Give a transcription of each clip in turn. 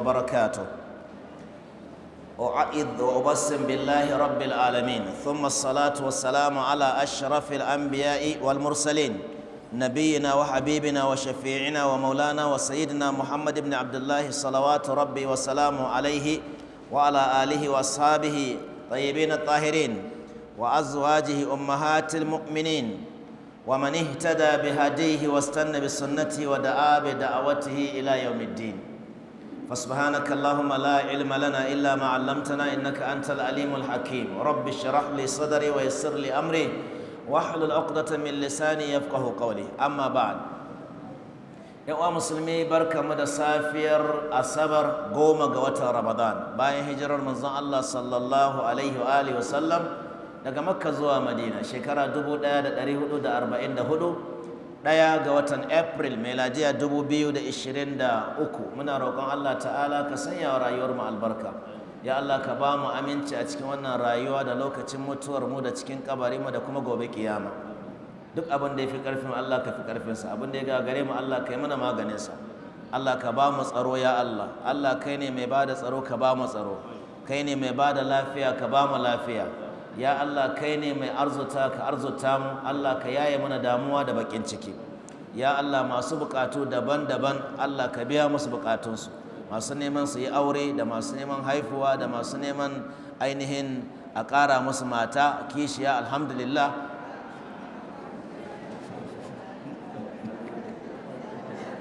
وبركاته أعيد وأبسم بالله رب العالمين ثم الصلاة والسلام على أشرف الأنبياء والمرسلين نبينا وحبيبنا وشفيعنا ومولانا وسيدنا محمد بن عبد الله صلوات ربي وسلامه عليه وعلى آله وأصحابه طيبين الطاهرين وأزواجه أمهات المؤمنين ومن اهتدى بهديه واستنى بسنته ودعا بدعوته إلى يوم الدين فسبحانك اللهم لا علم لنا إلا ما علمتنا إنك أنت العليم الحكيم رب اشرح لي صدري ويسر لي أمري واحلل عقدة من لساني يفقه قولي أما بعد yawa musulmi barka mu da safiyar asabar goma ga watan ramadan bayan hijirar manzon Allah sallallahu alaihi wa sallam daga makka zuwa madina shekara hudu ɗaya ga watan april lajiya 2023 muna roƙon allah ta'ala ka sanya wa rayuwar mu albarka ya allah ka ba mu aminci a cikin wannan rayuwa da lokacin mutuwar mu da cikin kabari mu da kuma gobe kiyama duk abin da ya fi karfin allah ka fi ƙarfinsa abin da ya gagare mu allah ka yi mana maganinsa allah ka ba mu tsaro ya allah allah kai ne mai ba da tsaro ka ba mu tsaro kai ne mai ba da lafiya ka ba mu lafiya ya Allah kai ne mai arzuta ka arzuta mu Allah ka yaye mana damuwa da bakin ciki ya Allah masu bukatu daban-daban Allah ka biya musu bukatunsu masu neman su yi aure da masu neman haifuwa da masu neman ainihin a ƙara musu mata kishiya alhamdulillah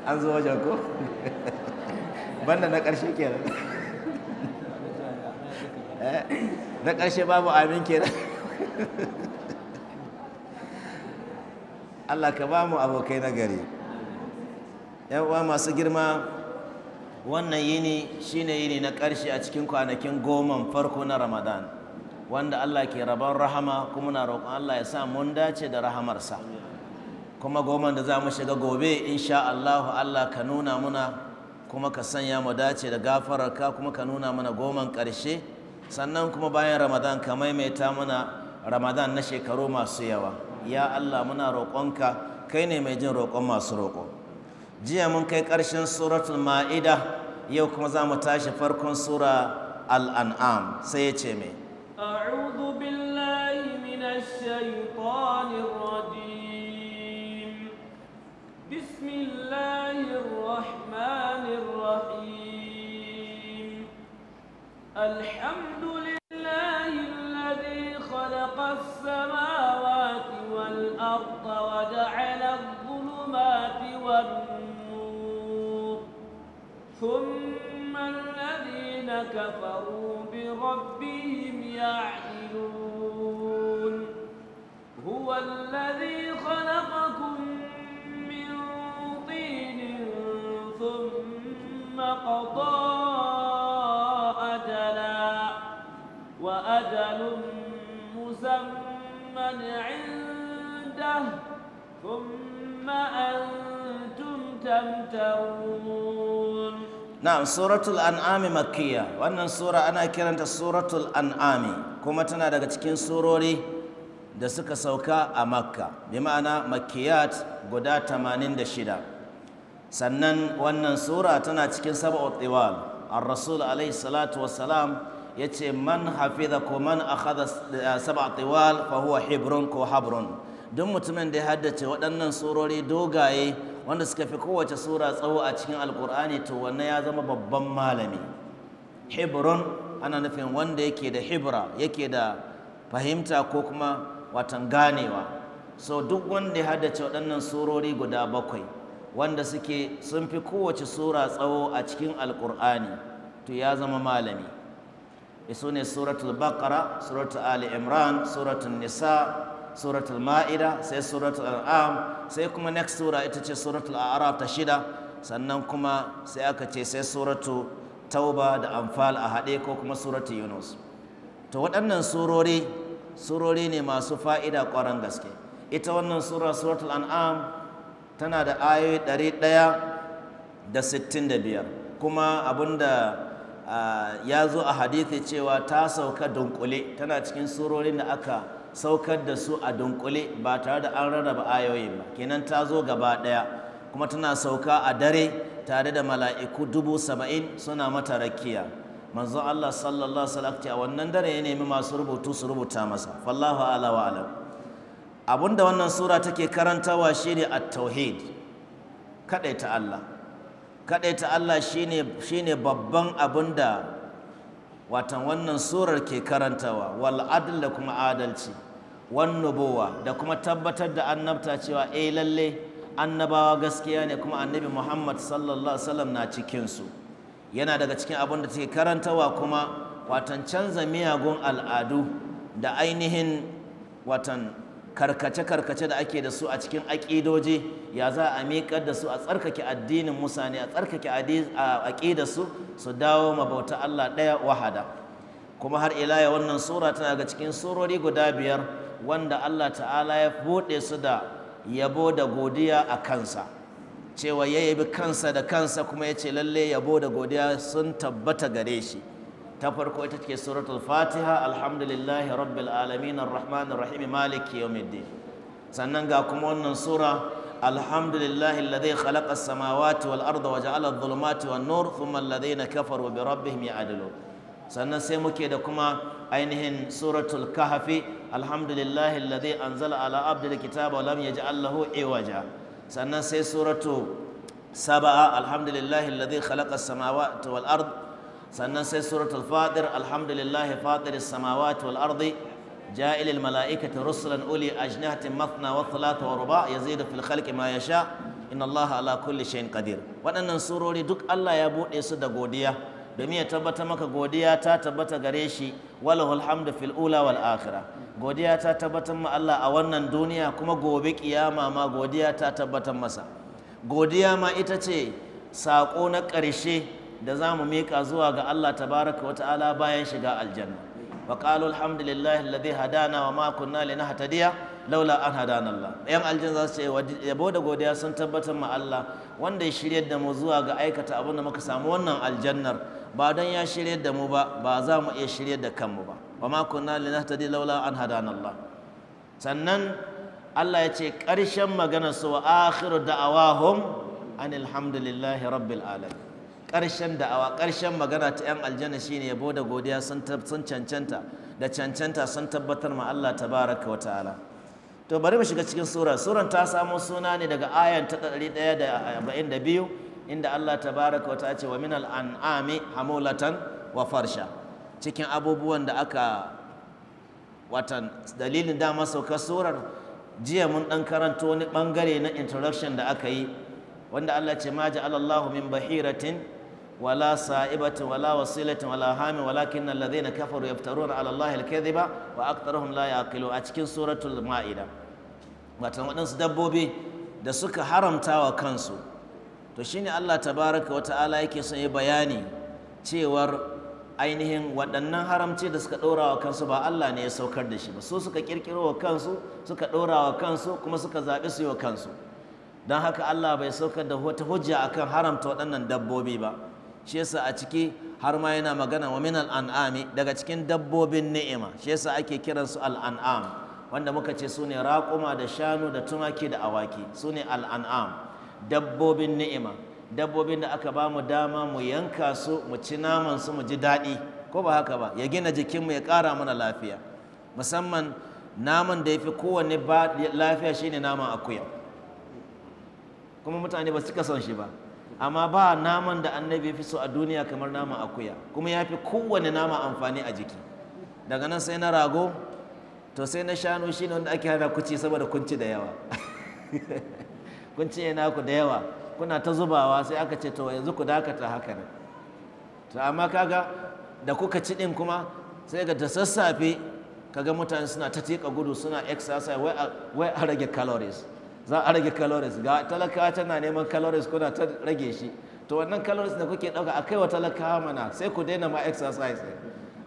an zo wajen ko banda na ƙarshe kenan eh? na ƙarshe babu amin kenan Allah ka ba mu abokai na gari uwa masu girma wannan yini shine yini na ƙarshe a cikin kwanakin goman farko na ramadan wanda Allah ke rabon rahama kuma na roƙon Allah ya sa mun dace da rahamarsa kuma goman da za mu shiga gobe insha Allah Allah ka nuna muna kuma ka sanya mu dace da gafararka kuma ka nuna mana goman ƙarshe sannan kuma bayan ramadan ka maimaita mana ramadan na shekaru masu yawa ya allah muna roƙonka kai ne mai jin roƙon masu roƙo jiya mun kai ƙarshen suratul ma'ida yau kuma za mu tashi farkon sura al'an'am sai ya ce mai أعوذ بالله من الشيطان الرجيم بسم الله الرحمن الرحيم الحمد لله الذي خلق السماوات والأرض وجعل الظلمات والنور ثم الذين كفروا بربهم يعدلون هو الذي خلقكم من طين ثم قضى Na'am, suratul an'ami Makiya. Wannan وأن ana kiranta suratul an'ami. Kuma tana daga cikin surori da suka sauka a Makka bi ma'ana Makiyat guda 86 sannan wannan sura tana cikin sab'u tiwal An rasul alayhi salatu wassalam yace man hafiza ko man akhadha sab'a tiwal fa huwa hibrun ko habrun duk mutumin da ya haddace waɗannan surori dogaye wanda suka fi kowace sura tsawo a cikin alkur'ani to wannan ya zama babban malami hebron ana nufin wanda yake da hibra yake da fahimta ko kuma watan ganewa so duk wanda ya haddace waɗannan surori guda bakwai wanda suke sun fi kowace sura tsawo a cikin alkur'ani to ya zama malami isu ne suratul baqara suratul ali imran suratul nisa suratul ma'ida sai suratul al'am sai kuma next sura ita ce suratul a'raf ta shida sannan kuma sai aka ce sai suratu tauba da amfal a haɗe ko kuma suratul yunus to waɗannan surori surori ne masu fa'ida ƙwarar gaske ita wannan sura suratul an'am tana da ayoyi ɗari ɗaya da sittin da biyar kuma da ya zo a hadithi cewa ta sauka dunkule tana cikin surorin da aka saukar da su a dunkule ba tare da an rarraba ayoyin ba kenan ta zo gaba ɗaya kuma tana sauka a dare tare da mala'iku dubu saba'in suna mata rakiya manzo Allah sallallahu alaihi a wannan dare ya nemi masu rubutu su rubuta masa fallahu ala wa alam abinda wannan sura take karantawa shine at-tauhid kadaita Allah kadaita Allah shine shine babban abinda watan wannan surar ke karantawa wal adl da kuma adalci wan nubuwa da kuma tabbatar da annabta cewa eh lalle annabawa gaskiya ne kuma annabi Muhammad sallallahu alaihi wasallam na cikin su yana daga cikin abin da take karantawa kuma watan canza miyagun al'adu da ainihin watan karkace-karkace da ake da su a cikin aƙidoji ya za a miƙar da su a tsarkake addinin musa ne a tsarkake aƙida su su dawo mabauta Allah ɗaya wahada kuma har ila ya wannan sura tana ga cikin surori guda biyar wanda Allah ta'ala ya buɗe su da yabo da godiya a kansa cewa ya yabi kansa da kansa kuma ya ce lalle yabo da godiya sun tabbata gare shi ta farko ita ce suratul fatiha alhamdulillahi rabbil alamin arrahmanir rahim maliki yawmiddin sannan ga kuma wannan sura alhamdulillahi alladhi khalaqa as-samawati wal arda wa ja'ala adh-dhulumati wan nur thumma alladhina kafaru bi sannan muke da kuma ainihin suratul kahfi alhamdulillahi alladhi anzala ala abdil kitaba wa lam yaj'al lahu iwaja sannan sai suratu saba'a alhamdulillahi alladhi khalaqa as sannan sai suratul fadir alhamdulillahi fadiris samawati wal ardi جائل الملائكة رسلا أولي أجنحة مثنى وثلاث ورباع يزيد في الخلق ما يشاء Inna الله على kulli شيء قدير waɗannan surori duk Allah ya buɗe su da godiya domin ya tabbata maka godiya ta tabbata gare shi walahul hamdu fil ula wal akhirah godiya ta tabbatar ma Allah a wannan duniya kuma gobe kiyama ma godiya ta tabbatar masa godiya ma ita ce saƙo na ƙarshe da za mu miƙa zuwa ga Allah tabaraka wa ta'ala bayan shiga aljanna wa qalu alhamdulillahi alladhi hadana wa ma kunna linahtadiya laula an hadana Allah yan aljanna za su ce yabo da godiya sun tabbatar ma Allah wanda ya shiryar da mu zuwa ga aikata abin da muka samu wannan aljannar ba don ya shiryar da mu ba ba za mu iya shiryar da kanmu ba wa ma kunna linahtadiya laula an hadana Allah sannan Allah ya ce ƙarshen maganar su wa akhiru da'awahum alhamdulillahi rabbil alamin ƙarshen da'awa ƙarshen magana ta 'yan aljanna shine yabo da godiya sun cancanta da cancanta sun tabbatar ma Allah ta baraka wa ta'ala to bari mu shiga cikin sura suran ta samo suna ne daga ayan ta 142 inda Allah baraka wa ta'ala ce wa min an'ami hamulatan wa farsha cikin abubuwan da aka watan dalilin dama saukar surar jiya mun dan karanto wani bangare na introduction da aka yi wanda Allah ce ma ja'alallahu min bahiratin ولا صائبة ولا وسيلة ولا هام ولكن الذين كفروا يفترون على الله الكذب وأكثرهم لا يعقلون أتكين سورة المائدة وتنقلن سدبوبي da suka haramta wa kansu to shine Allah ta tabaraka wa ta'ala yake son yi bayani cewar ainihin waɗannan haramci da suka ɗora wa kansu ba Allah ne ya saukar da shi ba su suka ƙirƙiro wa kansu suka ɗora wa kansu kuma suka zaɓi su yi wa kansu don haka Allah bai saukar da wata hujja akan haramta waɗannan dabbobi ba shi yasa a ciki har ma yana magana wa min al'an'ami daga cikin dabbobin ni'ima shi yasa ake kiransu al'an'am wanda muka ce su ne raƙuma da shanu da tumaki da awaki su ne al'an'am dabbobin ni'ima dabbobin da aka ba mu dama mu yanka su mu ci naman su mu ji daɗi ko ba haka ba ya gina jikinmu ya ƙara mana lafiya musamman naman da ya fi kowanne lafiya shine naman akuya kuma mutane ba su cika son shi ba amma ba naman da annabi fi so a duniya kamar naman akuya kuma ya fi kowane nama amfani a jiki daga nan sai na rago to sai na shanu shi ne wanda ake hana kuci saboda kunci da yawa kunci yana ku da yawa kuna ta zubawa sai aka ce to yanzu ku dakata haka ne to amma kaga da kuka ci din kuma sai ga da sassafe kaga mutane suna ta tika gudu suna exercise wai a rage calories za a rage calories ga talaka tana neman calories kuna ta rage shi to wannan calories da kuke dauka akai wa talakawa mana sai ku daina ma exercise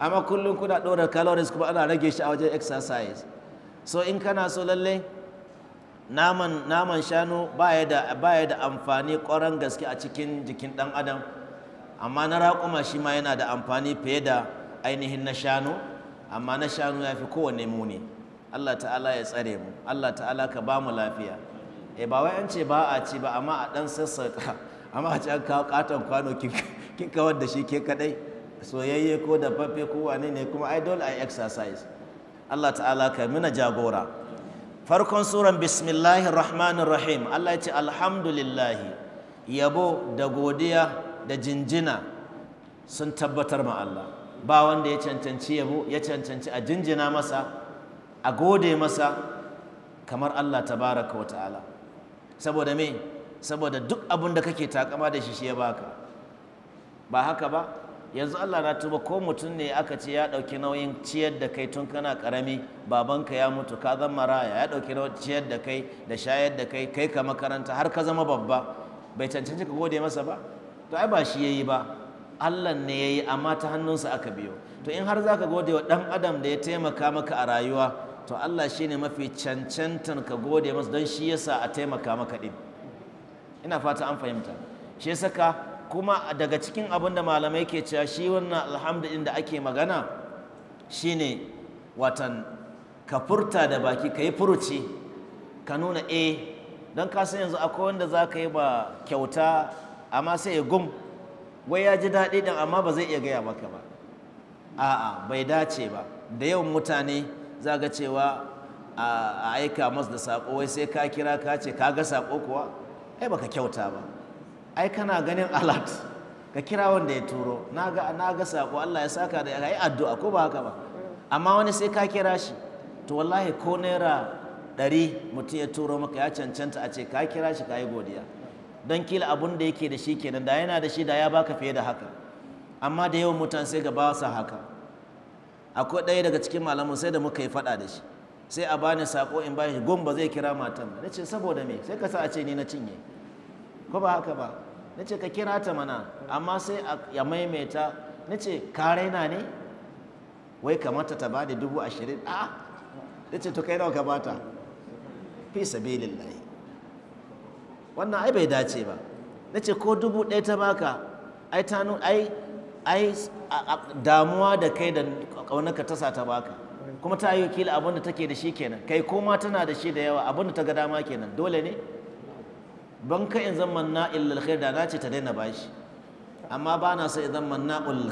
amma kullum kuna dora calories kuma ana rage shi a wajen exercise so in kana so lalle naman naman shanu baya da baya da amfani ƙoran gaske a cikin jikin dan adam amma na raƙuma shi ma yana da amfani fiye da ainihin na shanu amma na shanu ya fi kowanne muni Allah ta'ala ya tsare mu Allah ta'ala ka ba mu lafiya E ba wai an ce ba a ci ba amma a dan sassauta amma a ci an kawo katon kwano kin kawar da shi ke kadai soyayye ko da fafe ko wane ne kuma idol a exercise Allah ta'ala ka mina jagora farkon suran bismillahir rahmanir rahim Allah ya ce alhamdulillah yabo da godiya da jinjina sun tabbatar ma Allah ba wanda ya cancanci yabo ya cancanci a jinjina masa a gode masa kamar Allah tabaraka wa ta'ala saboda me saboda duk abin da kake takama da shi shi ya baka ba haka ba yanzu Allah na tuba ko mutum ne aka ce ya ɗauki nauyin ciyar da kai tun kana karami babanka ya mutu ka zama maraya ya ɗauki nauyin ciyar da kai da shayar da kai kai ka makaranta har ka zama babba bai cancanci ka gode masa ba to ai ba shi yayi ba Allah ne yayi amma ta hannunsa aka biyo to in har zaka gode wa ɗan adam da ya taimaka maka a rayuwa to Allah shi ne mafi cancantar ka gode masa don shi yasa a taimaka maka din ina fata an fahimta shi saka kuma daga cikin abin da malamai ke cewa shi wannan alhamdu da ake magana Shi ne watan ka furta da baki ka yi furuci ka nuna e don ka san yanzu akwai wanda za ka yi ba kyauta amma sai ya gum wai ya ji daɗi ɗin amma ba zai iya gaya maka ba a'a bai dace ba da yawan mutane za ga cewa a aika masu da saƙo wai sai ka kira ka ce ka ga saƙo kuwa ai baka kyauta ba ai kana ganin alat ka kira wanda ya turo na ga na ga saƙo Allah ya saka da ai addu'a ko ba haka ba amma wani sai ka kira shi to wallahi ko naira ɗari mutum ya turo maka ya cancanta a ce ka kira shi ka yi godiya don kila abun da yake da shi kenan da yana da shi da ya baka fiye da haka amma da yawan mutane sai ba sa haka akwai ɗaya daga cikin malamin sai da muka yi faɗa da shi sai a bani sako in bayan gun ba zai kira matan Na ce saboda me sai ka sa a ce ni na cinye ko ba haka ba na ce ka kira ta mana amma sai ya maimaita na ce ka raina ne wai kamata ta bani dubu ashirin a Na ce to kai nawa ka bata fi sabilillahi wannan ai bai dace ba Na ce ko dubu ɗaya ta baka ai ta ai ai damuwa da kai da ƙaunarka ta sa ta baka kuma ta yi kila abin da take da shi kenan kai koma tana da shi da yawa abin da ta ga dama kenan dole ne ban ka in zama na illal da na ce ta daina bashi amma ba na so in zama na ulul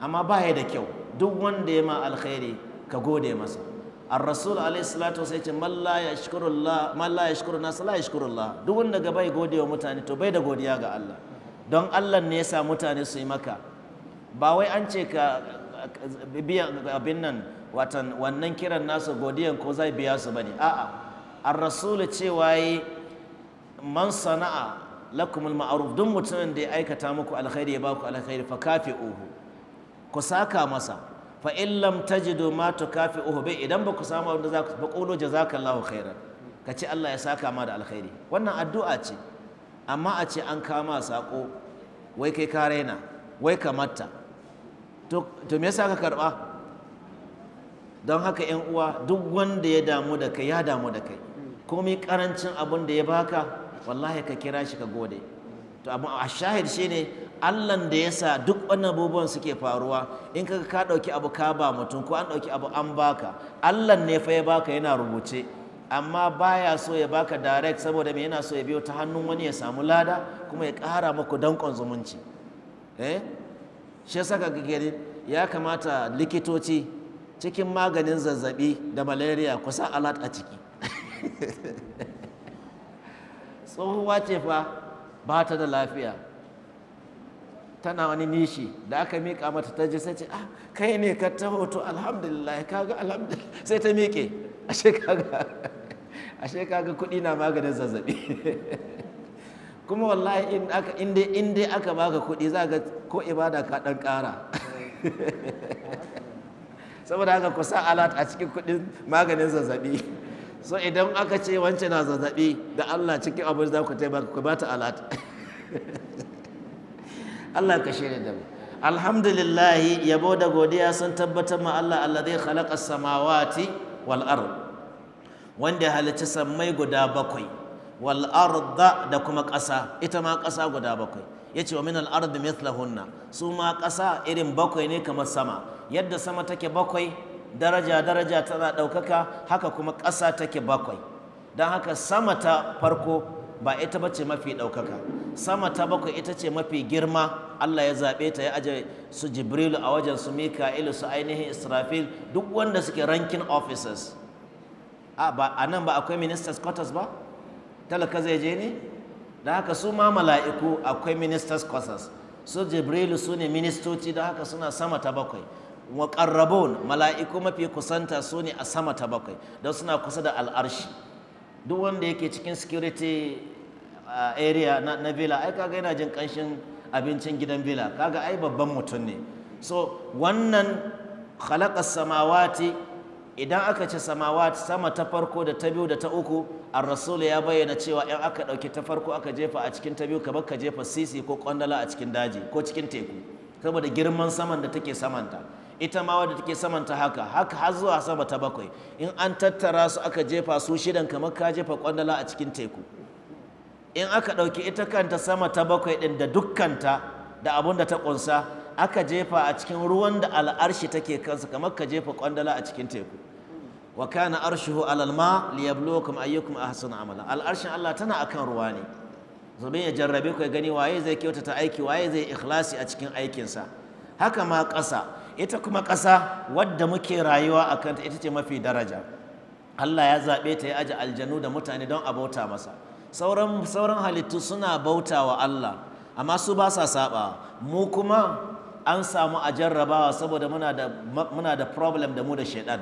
amma ba ya da kyau duk wanda ya ma alkhairi ka gode masa الرسول عليه الصلاة والسلام من لا يشكر الله من لا يشكر الناس لا يشكر duk wanda gaba ya gode wa mutane to bai da godiya ga Allah don Allah ne ya sa mutane su yi maka ba wai an ce ka biyan abin nan watan wannan kiran nasu godiyan ko zai biya su bane a'a ar-rasul cewa yi man sana'a lakum al-ma'ruf duk mutumin da ya aikata muku alkhairi ya baku alkhairi fa kafi'uhu ku saka masa fa in lam tajidu ma tukafi'uhu bai idan ba ku samu abin da za ku qulu jazakallahu khairan ka ce Allah ya saka ma da alkhairi wannan addu'a ce amma a ce an kama sako wai kai ka na, wai kamata to me yasa ka karba don haka yan uwa duk wanda ya damu da kai ya damu da kai komai karancin abin da ya baka wallahi ka kira shi ka gode to amma a shahid shine Allah da yasa duk wannan abubuwan suke faruwa in kaga ka dauki abu ka ba mutum ko an dauki abu an baka Allah ne fa ya baka yana rubuce amma baya so ya baka direct saboda me yana so ya biyo ta hannun wani ya samu lada kuma ya kara maku danƙon zumunci eh shi ya saka gani ya kamata likitoci cikin maganin zazzabi da malaria kusa alat a ciki tsohuwa ce fa ba ta da lafiya tana wani nishi da aka miƙa mata ta ji sai ce ah kai ne ka ta hoto alhamdulillah ga alhamdulillah sai ta miƙe ashe kaga ashe kaga kuɗi na maganin zazzabi kuma wallahi in aka dai aka baka kuɗi za ga ko ibada ka dan ƙara saboda haka ku sa alat a cikin kuɗin maganin zazzabi so idan aka ce wancan na zazzabi da Allah cikin abin za ku taimaka ku ba alat Allah ka shirya da mu alhamdulillah yabo da godiya sun tabbatar ma Allah alladhi khalaqa samawati wal ard wanda halicci sammai guda bakwai wal'arda da kuma ƙasa ita ma ƙasa guda bakwai ya ce wa min al mithlahunna su ma ƙasa irin bakwai ne kamar sama yadda sama take bakwai daraja daraja tana ɗaukaka haka kuma ƙasa take bakwai don haka sama ta farko ba ita ba ce mafi ɗaukaka sama ta bakwai ita ce mafi girma Allah ya zaɓe ta ya aje su jibrilu a wajen su mika'ilu su ainihin israfil duk wanda suke rankin officers a nan ba akwai ministers quarters ba talaka zai je ne da haka su ma mala'iku akwai ministers courses su jibrilu su ne ministoci da haka suna sama ta bakwai wa mala'iku mafi kusanta su ne a sama ta bakwai don suna kusa da al'arshi duk wanda yake cikin security area na villa ai kaga yana jin kanshin abincin gidan villa kaga ai babban mutum ne so wannan khalaqa samawati idan aka ce samawat sama ta farko da ta biyu da ta uku ar-rasul ya bayyana cewa in aka ɗauki ta farko aka jefa a cikin ta biyu ka ka jefa sisi ko kwandala a cikin daji ko cikin teku saboda girman saman da take samanta ita ma wadda take samanta haka haka har zuwa sama ta bakwai in an tattara su aka jefa su shidan kamar ka jefa kwandala a cikin teku in aka ɗauki ita kanta sama ta bakwai din da dukkanta da abun da ta ƙunsa. aka jefa a cikin ruwan da al'arshi take kansa kamar ka jefa kwandala a cikin teku wa kana arshuhu alal ma liyabluwakum ayyukum ahsanu amala al'arshin Allah tana akan ruwa ne domin ya jarrabe ku gani waye zai kyautata aiki waye zai ikhlasi a cikin aikin sa haka ma ƙasa ita kuma ƙasa wadda muke rayuwa a kanta ita ce mafi daraja Allah ya zaɓe ta ya aji aljanu da mutane don a bauta masa sauran halittu suna bauta wa Allah amma su ba sa saba mu kuma an samu a jarrabawa saboda muna da problem da mu da shaidan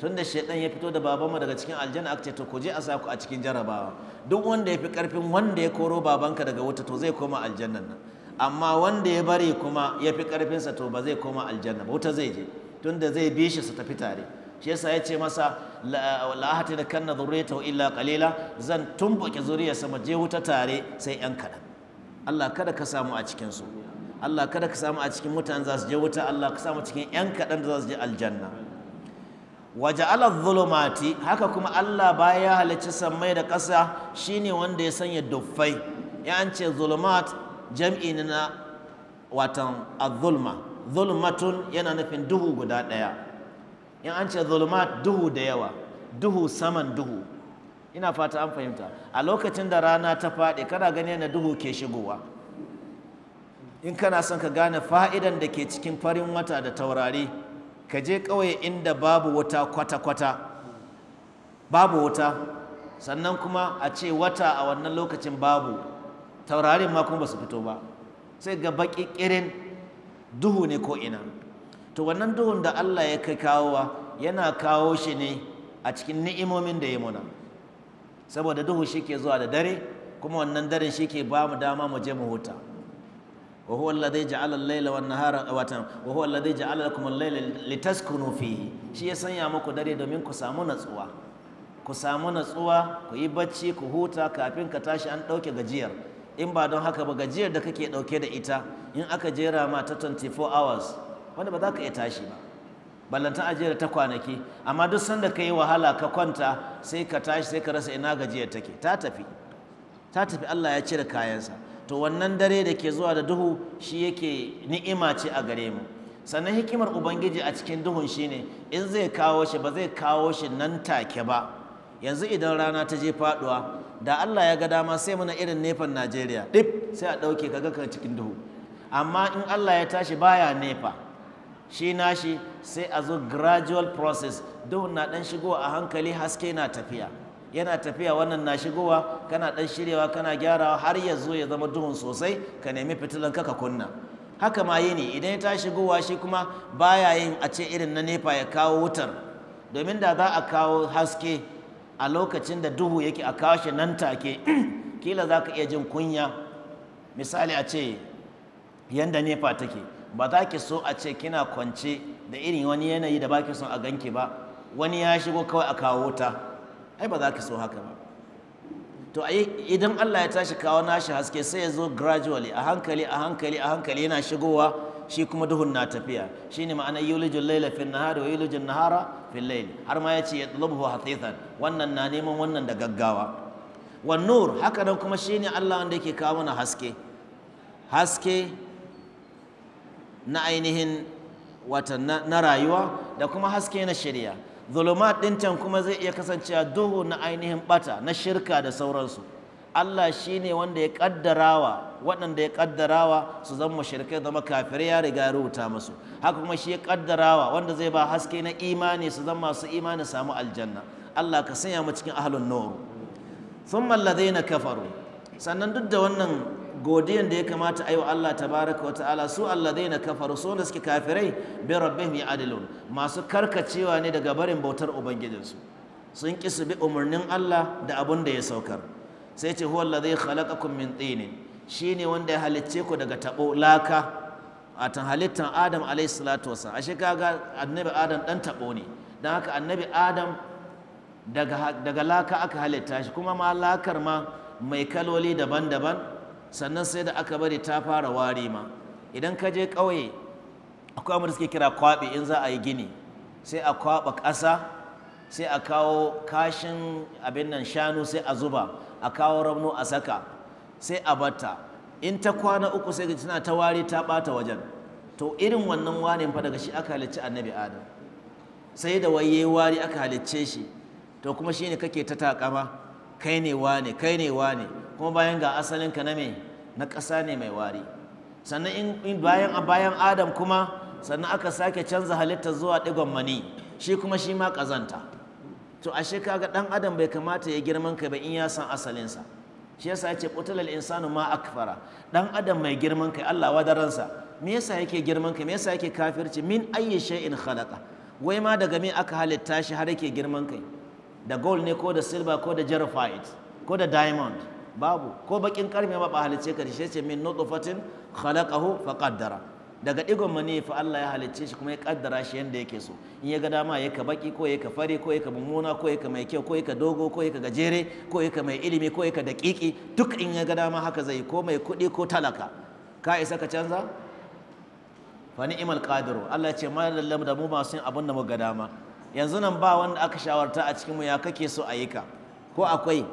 tun da shaidan ya fito da babanmu daga cikin aljanna aka ce to ku je a saku a cikin jarrabawa duk wanda ya fi karfin wanda ya koro babanka daga wuta to zai koma aljannan nan amma wanda ya bari kuma ya fi karfinsa to ba zai koma aljanna ba wuta zai je tun da zai bi shi su tafi tare shi yasa ya ce masa la'ahati da kanna ta illa qalila zan tumbuke zuriyarsa mu je wuta tare sai yan kaɗan Allah kada ka samu a cikin su Allah kada ka samu a cikin mutane za su je wuta Allah ka samu cikin yan kaɗan da za su je aljanna waje zulumati haka kuma Allah baya halicci sammai da ƙasa shine wanda ya sanya duffai ya an ce zulumat jam'i na watan azulma zulmatun yana nufin duhu guda ɗaya Ya an ce zulumat duhu da yawa duhu saman duhu ina fata an fahimta a lokacin da rana ta faɗi kana gani yana duhu ke shigowa in kana son ka gane fa'idan da ke cikin farin wata da taurari ka je kawai inda babu wata kwata-kwata babu wata sannan kuma a ce wata a wannan lokacin babu taurarin ma kuma ba su fito ba sai ga baƙi ƙirin duhu ne ko ina to wannan duhun da Allah ya kai kawowa yana kawo shi ne a cikin ni'imomin da ya muna saboda duhu shi ke zuwa da dare kuma wannan daren shi ke ba mu dama mu je mu huta وهو الذي جعل الليل watan. واتن وهو الذي جعل لكم الليل لتسكنوا فيه shi ya sanya muku dare domin ku samu natsuwa ku samu natsuwa ku yi bacci ku huta kafin ka tashi an ɗauke gajiyar in ba don haka ba gajiyar da kake ɗauke da ita in aka jera ma ta 24 hours wanda ba za ka iya tashi ba ballanta a jera ta kwanaki amma duk sanda ka yi wahala ka kwanta sai ka tashi sai ka rasa ina gajiyar take ta tafi ta tafi Allah ya cire kayansa to wannan dare da ke zuwa da duhu shi yake ni'ima ce a gare mu sannan hikimar ubangiji a cikin duhun shine in zai kawo shi ba zai kawo shi nan take ba yanzu idan rana ta je faduwa da Allah ya ga dama sai muna irin nefan Najeriya dip sai a dauke kaga ka cikin duhu amma in Allah ya tashi baya nefa shi nashi sai a zo gradual process duhun na dan shigo a hankali haske na tafiya yana tafiya wannan na shigowa kana dan shirewa kana gyarawa har ya zo ya zama duhun sosai ka nemi fitilan ka kunna haka ma yini idan ya shigowa shi kuma baya yin a ce irin na nefa ya kawo wutar domin da za a kawo haske a lokacin da duhu yake a kawo shi nan take kila za ka iya jin kunya misali a ce yanda nefa take ba za ki so a ce kina kwance da irin wani yanayi da ba ki son a ganki ba wani ya shigo kawai a kawo wuta ai ba za ka so haka ba to idan Allah ya tashi kawo nashi haske sai ya zo gradually a hankali a hankali a hankali yana shigowa shi kuma duhun na tafiya shine ma'ana yulijul layla fil nahari wa yulijul nahara fil layl har ma yace yatlubuhu hatithan wannan na neman wannan da gaggawa wan nur haka nan kuma shine Allah wanda yake kawo mana haske haske na ainihin wata na rayuwa da kuma haske na shari'a zulumat ɗin can kuma zai iya kasancewa duhu na ainihin bata na shirka da sauransu Allah shi ne wanda ya kaddarawa waɗanda ya kaddarawa su zama mashirkai zama kafirai ya riga ya rubuta musu haka kuma shi ya kaddarawa wanda zai ba haske na imani su zama masu imani samu aljanna Allah ka sanya mu cikin ahlun nur thumma alladhina kafaru sannan duk da wannan godiyan da ya kamata ayi wa Allah tabaraka wa ta'ala su alladaina kafaru su da suke kafirai bi rabbihim ya'dilun masu karkacewa ne daga barin bautar ubangijinsu sun ki su bi umarnin Allah da abun da ya saukar sai ce huwa alladhi khalaqakum min tinin shine wanda ya halicce ku daga tabo laka a tan halittan Adam alayhi salatu wasallam ashe kaga annabi Adam dan tabo ne dan haka annabi Adam daga daga laka aka halitta shi kuma ma lakar ma mai kaloli daban-daban sannan sai da aka bari ta fara wari ma idan ka je ƙauye akwai abin da suke kira kwaɓe in za a yi gini sai a kwaɓa ƙasa sai a kawo kashin abin nan shanu sai a zuba a kawo ramno a saka sai a bata. in ta kwana uku sai ga tana ta wari ta ɓata wajen to irin wannan warin fa daga shi aka halicci annabi adam sai da waye wari aka halicce shi to kuma shine kake ta takama kai ne wane kai ne wane kuma bayan ga asalinka na me na ƙasa ne mai wari sannan in bayan a bayan adam kuma sannan aka sake canza halitta zuwa ɗigon mani shi kuma shi ma ƙazanta to ashe kaga ɗan adam bai kamata ya girman ka ba in ya san asalinsa shi yasa ya ce qutalal insanu ma akfara ɗan adam mai girman kai Allah wadaransa me yasa yake girman kai me yasa yake kafirci min ayyi shay'in khalaqa wai ma daga me aka halitta shi har yake girman kai da gold ne ko da silver ko da jarfite ko da diamond babu ko bakin karfe ma ba halice ka shi ce min nutfatin khalaqahu fa qaddara daga digon mani fa Allah ya halice shi kuma ya kaddara shi yanda yake so in ya ga dama ya ka baki ko ya ka fari ko ya ka mummuna ko ya ka mai kyau ko ya ka dogo ko ya ka gajere ko ya ka mai ilimi ko ya ka daƙiƙi duk in ya ga dama haka zai ko mai kuɗi ko talaka ka isa ka canza fa ni'mal qadir Allah ya ce lallam da mu masu sun abin da mu ga dama yanzu nan ba wanda aka shawarta a cikin mu ya kake so a ko akwai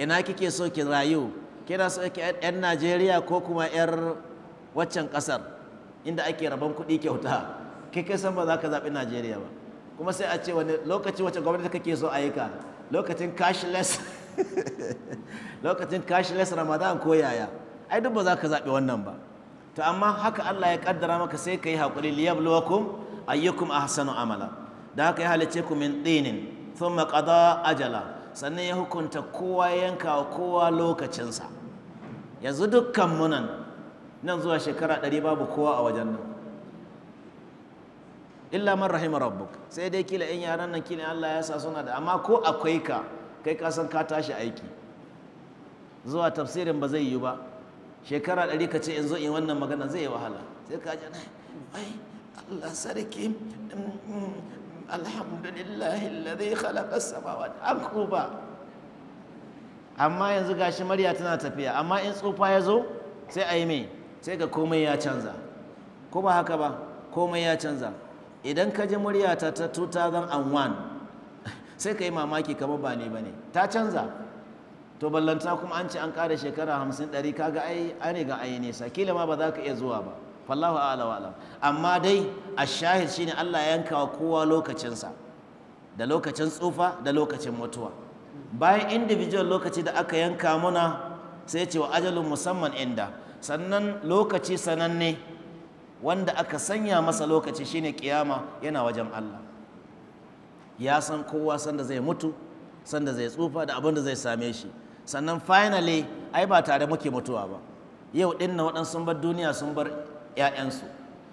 ina kike so ki rayu kina so ki yan Najeriya ko kuma yar waccan kasar inda ake rabon kuɗi kyauta kai kai san ba za ka zaɓi Najeriya ba kuma sai a ce wani lokaci wacce gwamnati kake so a yi lokacin cashless lokacin cashless Ramadan ko yaya ai duk ba za ka zaɓi wannan ba to amma haka Allah ya kaddara maka sai ka yi haƙuri liyabluwakum ayyukum ahsanu amala da haka ya halice ku min dinin thumma qada ajala sannan ya hukunta kowa yanka wa kowa lokacinsa yanzu dukkan munan nan zuwa shekara ɗari babu kowa a wajen nan illa man rahima rabbuk sai dai kila in yaran nan kila Allah ya sa suna da amma ko akwai ka kai ka san ka tashi aiki zuwa tafsirin ba zai yi ba shekara ɗari ka ce in zo in wannan magana zai yi wahala sai ka ji ai Allah sarki mm, mm, alhamdulillah alladhi khalaqa samawati an kuba amma yanzu gashi murya tana tafiya amma in tsufa ya zo sai ayi me. mai sai ga komai ya canza ko ba haka ba komai ya canza idan ka ji muryata ta 2001 sai ka yi mamaki kamar ba ne ba ne ta canza to ballanta kuma an ce an ƙara shekara 50 ɗari kaga ai an riga ai nesa sakila ma ba za ka iya zuwa ba wallahu a'ala wa amma dai a shahid shine Allah ya yanka wa kowa lokacinsa da lokacin tsufa da lokacin mutuwa bayan individual lokaci da aka yanka muna sai ce wa ajalun musamman inda sannan lokaci sananne wanda aka sanya masa lokaci shine kiyama yana wajen Allah ya san kowa sanda zai mutu sanda zai tsufa da abin da zai same shi sannan finally ai ba tare muke mutuwa ba yau din na waɗansu sun bar duniya sun bar 'ya'yansu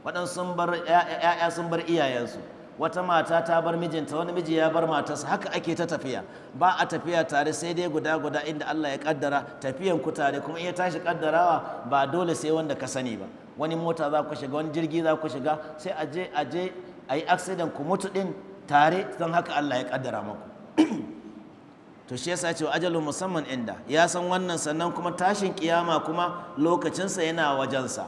waɗansu sun bar 'ya'ya sun bar iyayensu wata mata ta bar mijinta wani miji ya bar matarsa haka ake ta tafiya ba a tafiya tare sai dai guda guda inda Allah ya kaddara tafiyan ku tare kuma iya tashi kaddarawa ba dole sai wanda ka sani ba wani mota za ku shiga wani jirgi za ku shiga sai a je a je yi accident ku mutu din tare don haka Allah ya kaddara maku to shi yasa cewa ajalu musamman inda ya san wannan sannan kuma tashin kiyama kuma lokacinsa yana wajensa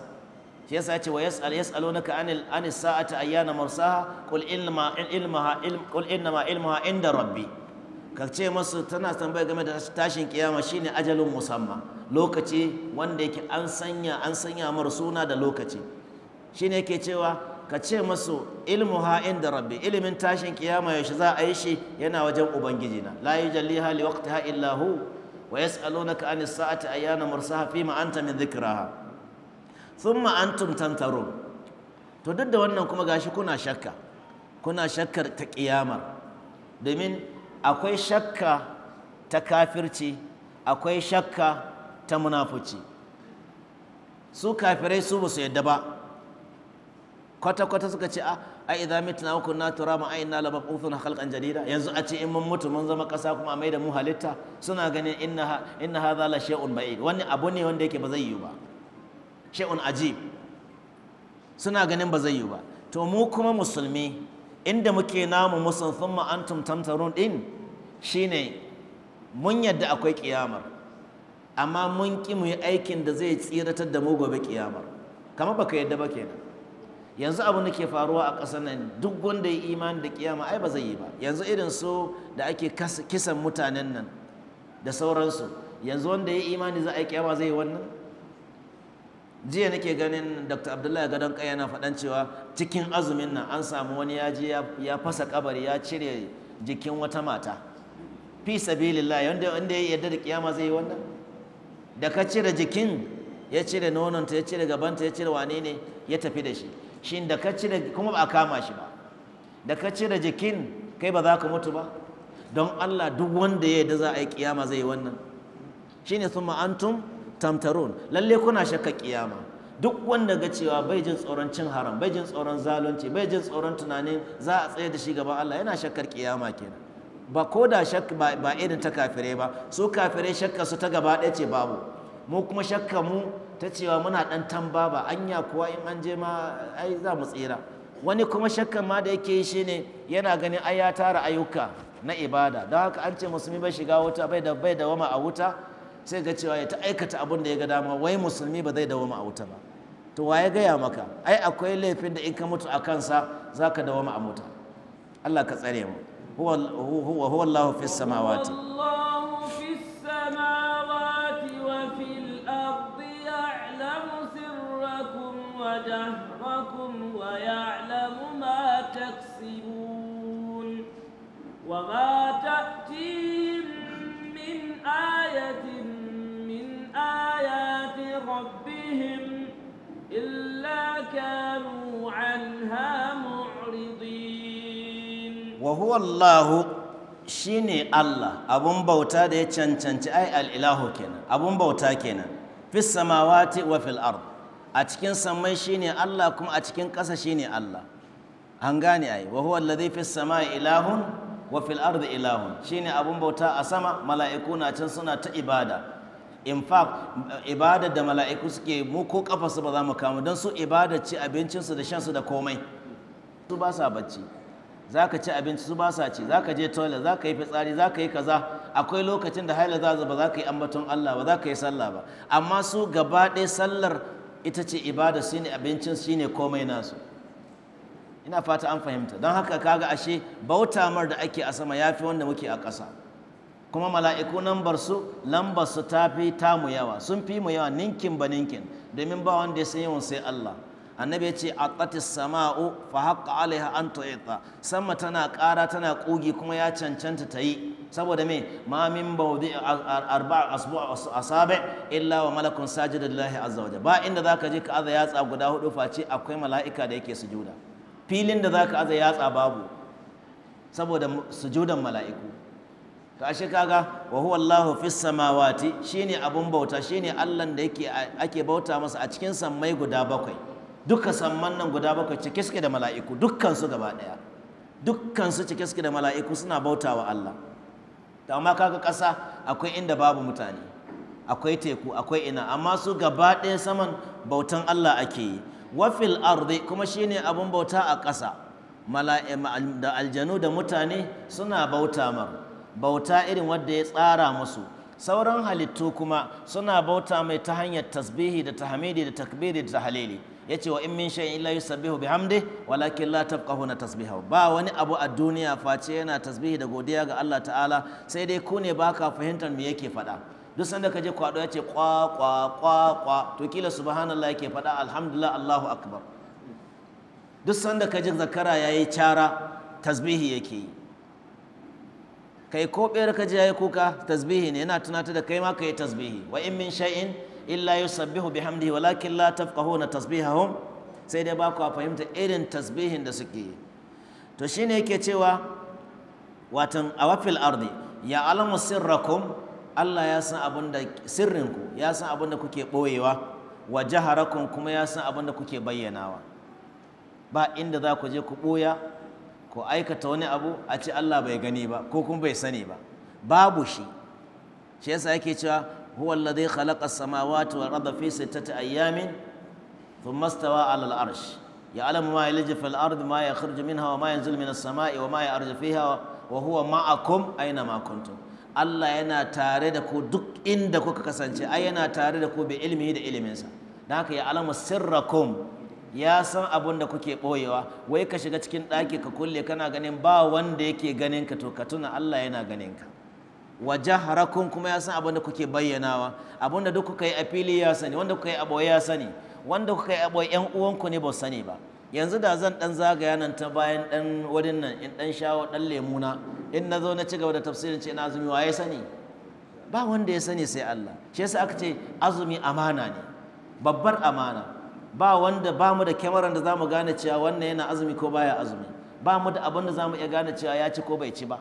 shi yasa ya ce wa yas'al yas'alunaka anil anis sa'ati ayyana mursaha qul ilma ilmaha qul innama ilmaha inda rabbi ka ce masu tana tambaya game da tashin kiyama shine ajalin musamma lokaci wanda yake an sanya an sanya mar suna da lokaci shine yake cewa ka ce masu ilmu ilmuha inda rabbi ilimin tashin kiyama yaushe za a yi shi yana wajen ubangiji na. la yujalliha liwaqtiha illa hu wa yas'alunaka anis sa'ati ayyana mursaha fima anta min dhikraha sun antum tantarun to duk da wannan kuma gashi kuna shakka kuna shakkar ta kiyamar domin akwai shakka ta kafirci akwai shakka ta munafuci su kafirai su basu su yadda ba kwata-kwata suka ce a ah, a idza mitna wa kunna turaba a inna la mab'uthuna khalqan jadida yanzu a ce in mun mutu mun zama kasa kuma a mai da mu halitta suna ganin inna inna hadha la shay'un ba'id wani abu ne wanda yake ba zai yi ba shay'un aji suna ganin ba zai yi ba to mu kuma musulmi inda muke namu musun thumma antum tamtarun din shine mun yadda akwai kiyamar amma mun ki mu yi aikin da zai tsiratar da mu gobe kiyamar kamar baka yadda ba kenan yanzu abu da ke faruwa a ƙasar nan duk wanda ya imani da kiyama ai ba zai yi ba yanzu irin so da ake kisan mutanen nan da sauransu yanzu wanda ya imani za a yi kiyama zai yi wannan jiya nake ganin dr abdullahi gadon kaya na faɗan cewa cikin azumin nan an samu wani ya je ya fasa kabari ya cire jikin wata mata fi sabilillah wanda ya yarda da kiyama zai yi wannan da ka cire jikin ya cire nononta ya cire gabanta ya cire wane ne ya tafi da shi shi da ka cire kuma ba kama shi ba da ka cire jikin kai ba za ka mutu ba don Allah duk wanda ya yarda za a yi kiyama zai yi wannan shine summa antum Tamtaron, lalle kuna shakka kiyama duk wanda ga cewa bai jin tsoron cin haram bai jin tsoron zalunci bai jin tsoron tunanin za a tsaye da shi gaban Allah yana shakkar kiyama kenan ba ko da shakka ba irin ta kafirai ba su kafirai shakka su ta gaba ɗaya ce babu mu kuma shakka mu ta cewa muna ɗan tamba ba anya kuwa in an je ma ai za mu tsira wani kuma shakkan ma da yake yi shine yana ganin ai ya tara ayyuka na ibada don haka an ce musulmi bai shiga wuta bai da bai da wama a wuta sai ga cewa ya ta aikata abin da ya ga dama wai musulmi ba zai dawoma a wuta ba to wa ya gaya maka ai akwai laifin da in ka mutu a kansa za ka dawoma a wuta Allah ka tsare mu huwa huwa Allahu fis samawati وما تأتيهم من آيات ربهم إلا كانوا عنها معرضين وهو الله shine Allah abun bauta da ya cancanci ai al'ilahu kenan abun bauta kenan fis samawati wa fil ard a cikin sammai shine Allah kuma a cikin ƙasa shine Allah an gane ai wa huwa alladhi wa fil ardi ilahun shine abun bauta a sama mala'iku na can suna ta ibada in fact ibadar da mala'iku suke mu ko su ba za mu kama don su ibadar ci abincinsu da shansu da komai su ba sa bacci za ka ci abinci su ba sa ci za ka je toilet za ka yi fitsari za ka yi kaza akwai lokacin da haila za ba za ka yi ambaton Allah ba za ka yi sallah ba amma su gaba ɗaya sallar ita ce ibada su ne abincin shi ne komai nasu ina fata an fahimta don haka kaga ashe bauta mar da ake a sama ya fi wanda muke a ƙasa kuma mala'iku lambarsu lambarsu ta fi mu yawa sun fi mu yawa ninkin ba ninkin domin ba wanda ya san yawan sai Allah annabi ya ce aqatis sama'u fa haqqa alaiha an tu'ita sama tana ƙara tana ƙugi kuma ya cancanta ta yi saboda me ma min bawdi arba'a asbu' asabi illa wa malakun sajida lillahi azza wa ba inda zaka je ka aza yatsa guda hudu face akwai mala'ika da yake sujuda filin da zaka aza yatsa babu saboda sujudan mala'iku to ashe kaga wa huwa Allahu fis samawati shine abun bauta shine Allah da yake ake bauta masa a cikin sammai guda bakwai dukkan samman nan guda bakwai cike suke da mala'iku dukkan su gaba daya dukkan su cike suke da mala'iku suna bautawa Allah to amma kaga ƙasa akwai inda babu mutane akwai teku akwai ina amma su gaba daya saman bautan Allah ake yi wa fil ardi kuma shine abun bauta a ƙasa da aljanu da mutane suna bauta ma. bauta irin wadda ya tsara musu sauran halittu kuma suna bauta mai ta hanyar tasbihi da tahmidi da takbiri da tahalili yace wa in min shay'in illa yusabbihu bihamdi walakin la tafqahuna tasbihahu ba wani abu a duniya face yana tasbihi da godiya ga Allah ta'ala sai dai ku ne baka fahimtar me yake faɗa duk sanda kaje je kwado yace kwa kwa kwa kwa to kila subhanallah yake faɗa alhamdulillah Allahu akbar duk sanda kaje zakara yayi cara tasbihi yake yi kai ko ɓera ka ji kuka tasbihi ne yana tunata da kai ma ka yi tasbihi wa in min shay'in illa yusabbihu bihamdihi walakin la na tasbihahum sai dai ba ku fahimta irin tasbihin da suke yi to shine yake cewa watan awafil ardi ya alamu sirrakum Allah ya san abin da sirrinku ya san abin da kuke ɓoyewa wa jaharakum kuma ya san abin da kuke bayyanawa ba inda za ku je ku ɓoya ko aikata wani abu a ce Allah bai gani ba ko kuma bai sani ba babu shi shi yasa yake cewa huwa alladhi khalaqa as-samawati wal arda fi sittati ayamin thumma istawa 'ala al-arsh ya'lamu ma yaliju fil ardi ma yakhruju minha wa ma yanzilu minas sama'i wa ma ya'riju fiha wa huwa ma'akum aina ma kuntum Allah yana tare da ku duk inda kuka kasance ai yana tare da ku bi ilimi da iliminsa dan haka sirra sirrakum ya san abin da kuke ɓoyewa wai ka shiga cikin ɗaki ka kulle kana ganin ba wanda yake ganin ka to ka tuna Allah yana ganin ka wa harakun kuma ya san abin da kuke bayyanawa abin da duk kuka yi a fili ya sani wanda kuka yi a ya sani wanda kuka yi a ɓoye ƴan uwanku ne ba sani ba yanzu da zan ɗan zagaya nan ta bayan ɗan wurin nan in ɗan shawo ɗan lemuna in na zo na ci gaba da tafsirin ce na azumi wa ya sani ba wanda ya sani sai Allah shi yasa aka ce azumi amana ne babbar amana ba wanda ba mu da kyamaran da za mu gane cewa wannan yana azumi ko baya azumi ba mu da abin da za mu iya gane cewa ya ci ko bai ci ba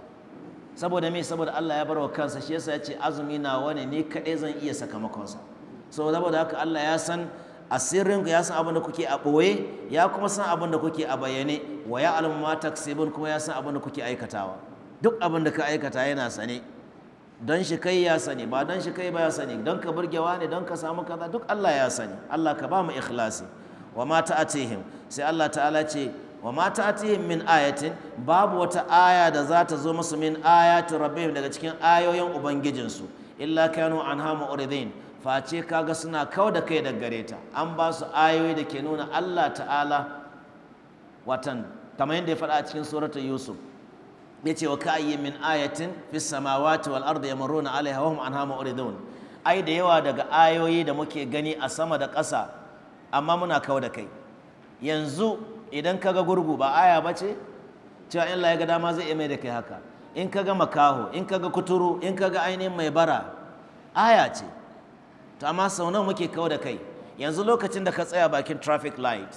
saboda me saboda Allah ya bar wa kansa shi yasa ya ce azumi na wani ne kaɗai zan iya sakamakonsa so saboda haka Allah ya san asirin ya san abin da kuke a ɓoye ya kuma san abin da kuke a bayyane wa ya alamu ma taksibun kuma ya san abin da kuke aikatawa duk abin da ka aikata yana sane don shi kai ya sani ba don shi kai ba ya sani don ka burgewa ne don ka samu kaza duk Allah ya sani Allah ka ba mu ikhlasi wa ma ta'atihim sai Allah ta'ala ce wa ma ta'atihim min ayatin babu wata aya da za ta zo musu min ayati rabbihim daga cikin ayoyin ubangijinsu illa kanu anha mu'ridin face kaga suna kau da kai da gare ta an ba su ayoyi da ke nuna Allah ta'ala watan kamar yadda ya faɗa a cikin suratul yusuf yace wa kayi min ayatin fis samawati wal ardi yamurruna alaiha wa hum anha mu'ridun ai da yawa daga ayoyi da muke gani a sama da ƙasa amma muna kawo da kai yanzu idan kaga gurgu ba aya ba ce cewa in Allah ya ga dama zai iya mai da kai haka in kaga makaho in kaga kuturu in kaga ainihin mai bara aya ce to amma sau nawa muke kawo da kai yanzu lokacin da ka tsaya bakin traffic light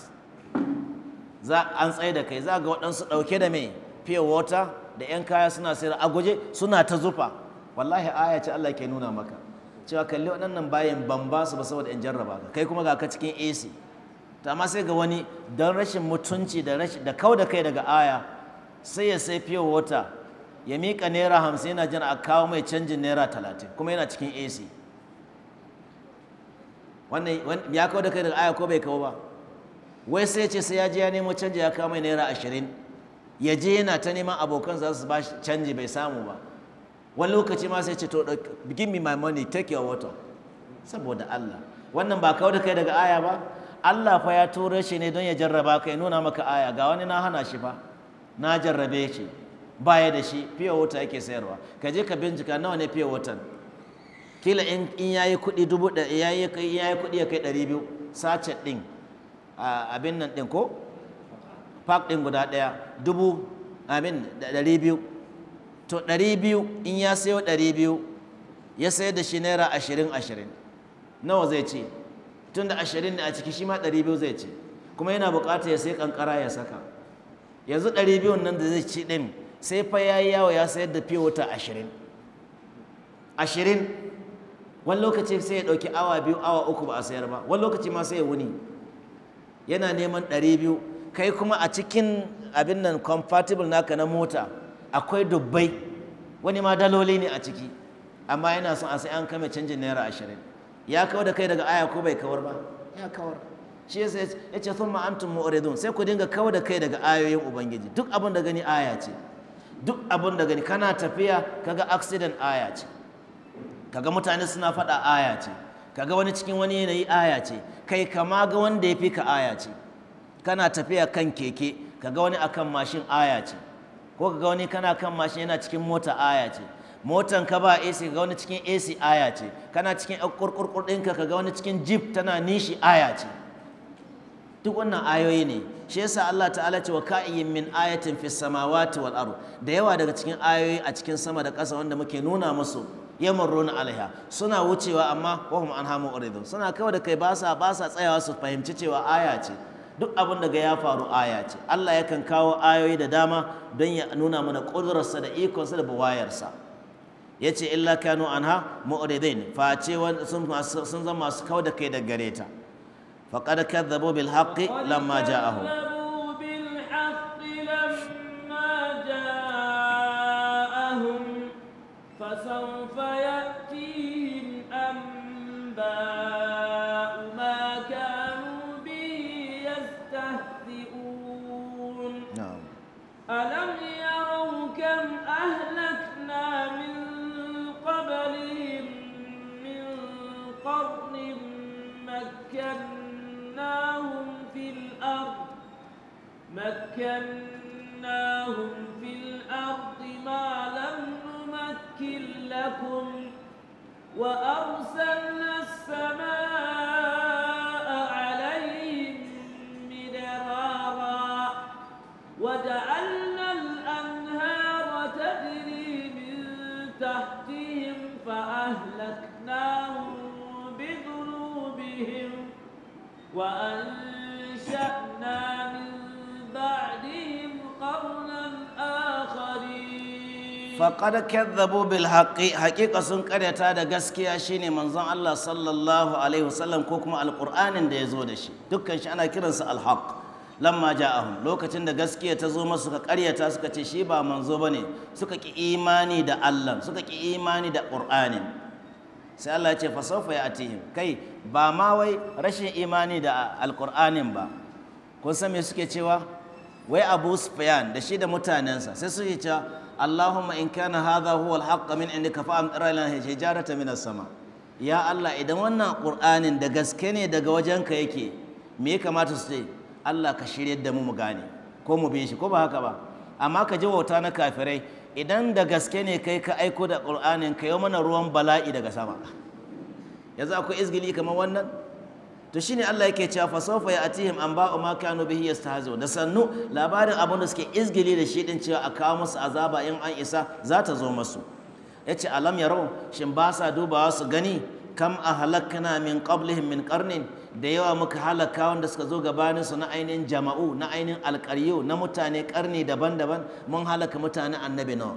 za an tsaye da kai za ga waɗansu ɗauke da mai pure water da 'yan kaya suna sayar a guje suna ta zufa wallahi aya ce Allah ke nuna maka cewa kalli waɗannan bayan ban ba su ba saboda 'yan jarraba ka kai kuma ga ka cikin AC ta ma sai ga wani don rashin mutunci da rashin da kau da kai daga aya sai ya sai fiye wata ya miƙa naira hamsin yana jin a kawo mai canjin naira talatin kuma yana cikin ac wannan ya kawo da kai daga aya ko bai kawo ba wai sai ce sai ya je ya nemo canji ya kawo mai naira ashirin ya je yana ta neman abokan za su ba canji bai samu ba wani lokaci ma sai ce to give me my money take your water saboda Allah wannan ba kawo da kai daga aya ba Allah fa ya tura shi ne don ya jarraba ka ya nuna maka aya ga wani na hana shi fa na jarrabe shi baya da shi pure water yake sayarwa ka je ka bincika nawa ne pure water? kila in yayi kuɗi dubu da yayi kuɗi ya kai ɗari biyu sachet ɗin abin nan ɗin ko Fak ɗin guda ɗaya dubu amin da ɗari biyu to ɗari biyu in ya sayo ɗari biyu ya sayar da shi naira ashirin ashirin nawa zai ce tun da ashirin ne a ciki shi ma ɗari biyu zai ce kuma yana bukata ya sai ƙanƙara ya saka yanzu ɗari biyu nan da zai ci ɗin sai fa ya yi yawo ya sayar da fiye wata ashirin ashirin wani lokaci sai ya ɗauki awa biyu awa uku ba a sayar ba wani lokaci ma sai ya wuni yana neman ɗari biyu kai kuma a cikin abin nan compatible naka na mota akwai dubbai wani ma daloli ne a ciki amma yana son a sai an kame canjin naira ashirin ya kawar da kai daga aya ko bai kawar ba ya kawar shi yasa ya ce sun ma'antun ma'uridun sai ku dinga kawar da kai daga ayoyin ubangiji duk abin da gani aya ce duk abin da gani kana tafiya kaga accident aya ce kaga mutane suna faɗa aya ce kaga wani cikin wani yanayi aya ce kai kama ga wanda ya fi ka aya ce kana tafiya kan keke kaga wani akan mashin aya ce ko kaga wani kana kan mashin yana cikin mota aya ce motan ka ba AC kaga wani cikin AC aya ce kana cikin kurkurkur ka kaga wani cikin jeep tana nishi aya ce duk wannan ayoyi ne shi yasa Allah ta'ala ce wa ka'iyyin min ayatin fis samawati wal ard da yawa daga cikin ayoyi a cikin sama da ƙasa wanda muke nuna musu yamurruna alaiha suna wucewa amma wahum anhamu uridun suna kawai da kai ba sa ba sa tsayawa su fahimci cewa aya ce duk abin da ga ya faru aya ce Allah yakan kawo ayoyi da dama don ya nuna mana ƙudurarsa da ikonsa da buwayarsa ya ce illa kanu anha mu'ridin face sun zama masu kawo da kai da gare ta faqad kadzabu bil haqqi lamma ja'ahum فسوف يأتيهم أنباء ألم يروا كم أهلكنا من قبلهم من قرن مكناهم في الأرض مكناهم في الأرض ما لم نمكن لكم وأرسلنا السماء عليهم مدرارا وجعلنا تحتهم فأهلكناهم بذنوبهم وأنشأنا من بعدهم قرنا آخرين فقد كذبوا بالحق حقيقة سنكر تادا قسكي شيني منظم الله صلى الله عليه وسلم كوكما القرآن دي زودشي دكا شأنا كرنس الحق lamma ja'ahum lokacin da gaskiya ta zo masu suka karyata suka ce shi ba manzo bane suka ki imani da Allah suka ki imani da Qur'ani sai Allah ya ce fa sawfa ya'tihim kai ba ma wai rashin imani da alqur'anin ba kun san me suke cewa wai Abu Sufyan da shi da mutanensa sai suke cewa Allahumma in kana hadha huwa al-haqq min indika fa amtir lana min as-sama ya Allah idan wannan Qur'anin da gaske ne daga wajenka yake me ya kamata su ce Allah ka shiryar da mu mu gane ko mu bi shi ko ba haka ba amma ka ji wauta na kafirai idan da gaske ne kai ka aiko da ƙur'anin ka yi mana ruwan bala'i daga sama yanzu akwai izgili kamar wannan to shi shine Allah yake cewa fa sawfa ya'tihim anba'u ma kanu bihi yastahzi'un da sannu labarin abin da suke izgili da shi din cewa a kawo masu azaba in an isa za ta zo Ya yace alam yaro shin ba sa dubawa su gani kam ahlakna min qablihim min qarnin da yawa muka halaka wanda suka zo gabanin su na ainihin jama'u na ainihin alqaryu na mutane karni daban-daban mun halaka mutane annabi nawa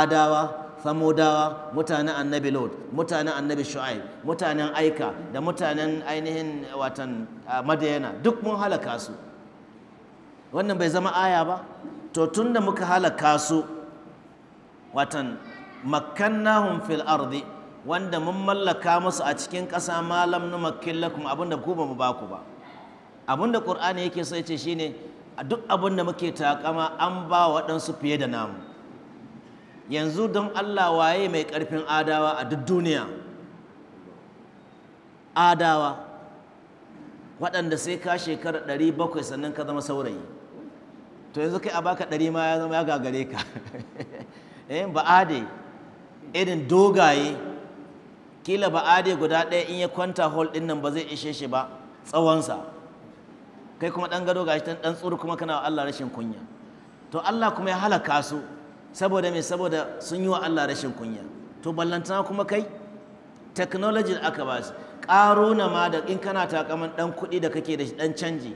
adawa samodawa mutane annabi lot mutane annabi shu'aib mutanen aika da mutanen ainihin watan madayana duk mun halaka su wannan bai zama aya ba to tun da muka halaka su watan makkannahum fil ardi wanda mun mallaka musu a cikin ƙasa malam na kuma abinda ku ba mu ba ku ba abinda ƙur'ani yake so yace shine duk abinda muke takama an ba waɗansu fiye da namu yanzu don Allah waye mai ƙarfin adawa a duk duniya adawa waɗanda sai ka shekara ɗari bakwai sannan ka zama saurayi to yanzu kai a baka ɗari ma ya zama ya gagare ka eh, ba irin dogaye kila ba ade guda ɗaya in ya kwanta hol ɗin nan ba zai ishe shi ba tsawonsa kai kuma ɗan gado gashi ɗan tsuru kuma kana wa Allah rashin kunya to Allah kuma ya halaka su saboda me saboda sun yi wa Allah rashin kunya to ballantana kuma kai technology da aka ba su na ma da in kana takaman ɗan kuɗi da kake da shi ɗan canji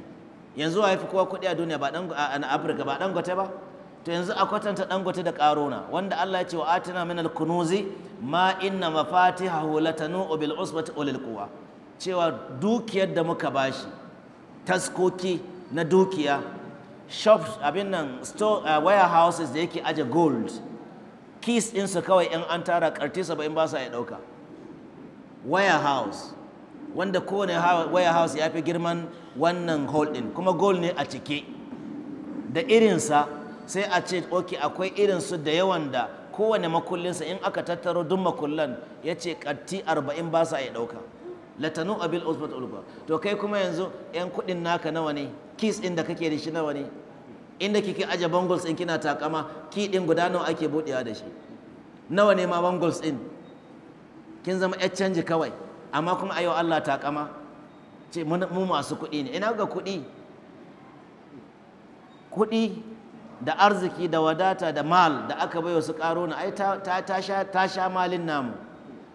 yanzu wa haifi kowa kuɗi a duniya ba ɗan a Afirka ba ɗan gote ba to yanzu a kwatanta dangote da karuna wanda Allah ya ce wa atina min al-kunuzi ma inna mafatihahu latanu bil usbati ulil quwa cewa dukiyar da muka bashi taskoki na dukiya shops abin nan store uh, warehouses da yake aje gold keys din su kawai in an tara karti 70 ba sa ya dauka warehouse wanda kowane warehouse ya fi girman wannan hall din kuma gold ne a cike da irinsa sai a ce oke akwai irinsu da yawan da kowane makullinsa in aka tattaro duk makullan ya ce ƙatti arba'in ba sa iya ɗauka latanu abil usbat ulba to kai kuma yanzu yan kuɗin naka nawa ne kis ɗin da kake da shi nawa ne inda kike aje bangles in kina takama ki ɗin guda nawa ake buɗewa da shi nawa ne ma bangles ɗin kin zama yan canji kawai amma kuma ayo Allah takama ce mu masu kuɗi ne ina ga kuɗi kuɗi da arziki da wadata da mal da aka bai wasu karo na ai ta sha malin namu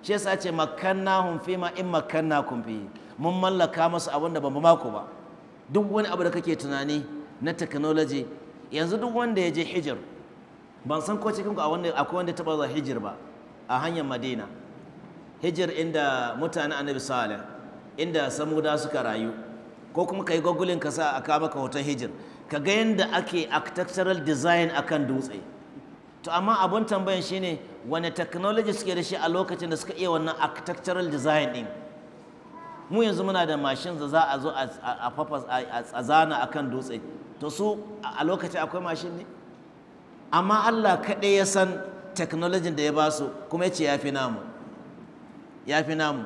shi yasa ce makanna hun fi ma in makanna kun fi mun mallaka masu abin da bamu mako ba duk wani abu da kake tunani na technology yanzu duk wanda ya je hijir ban san ko cikin ku akwai wanda taba zuwa hijir ba a hanyar madina hijir inda mutane annabi salih inda samuda suka rayu ko kuma kai yi ka sa a kawo maka hoton hijir ka ga yadda ake architectural design akan dutse to amma abin tambayan shine wani technology suke da shi a lokacin da suka iya wannan architectural design din mu yanzu muna da mashin da za a zo a fafas a zana akan dutse to su a lokacin akwai mashin ne amma Allah kaɗai ya san technology da ya ba su kuma ya ce ya fi namu ya fi namu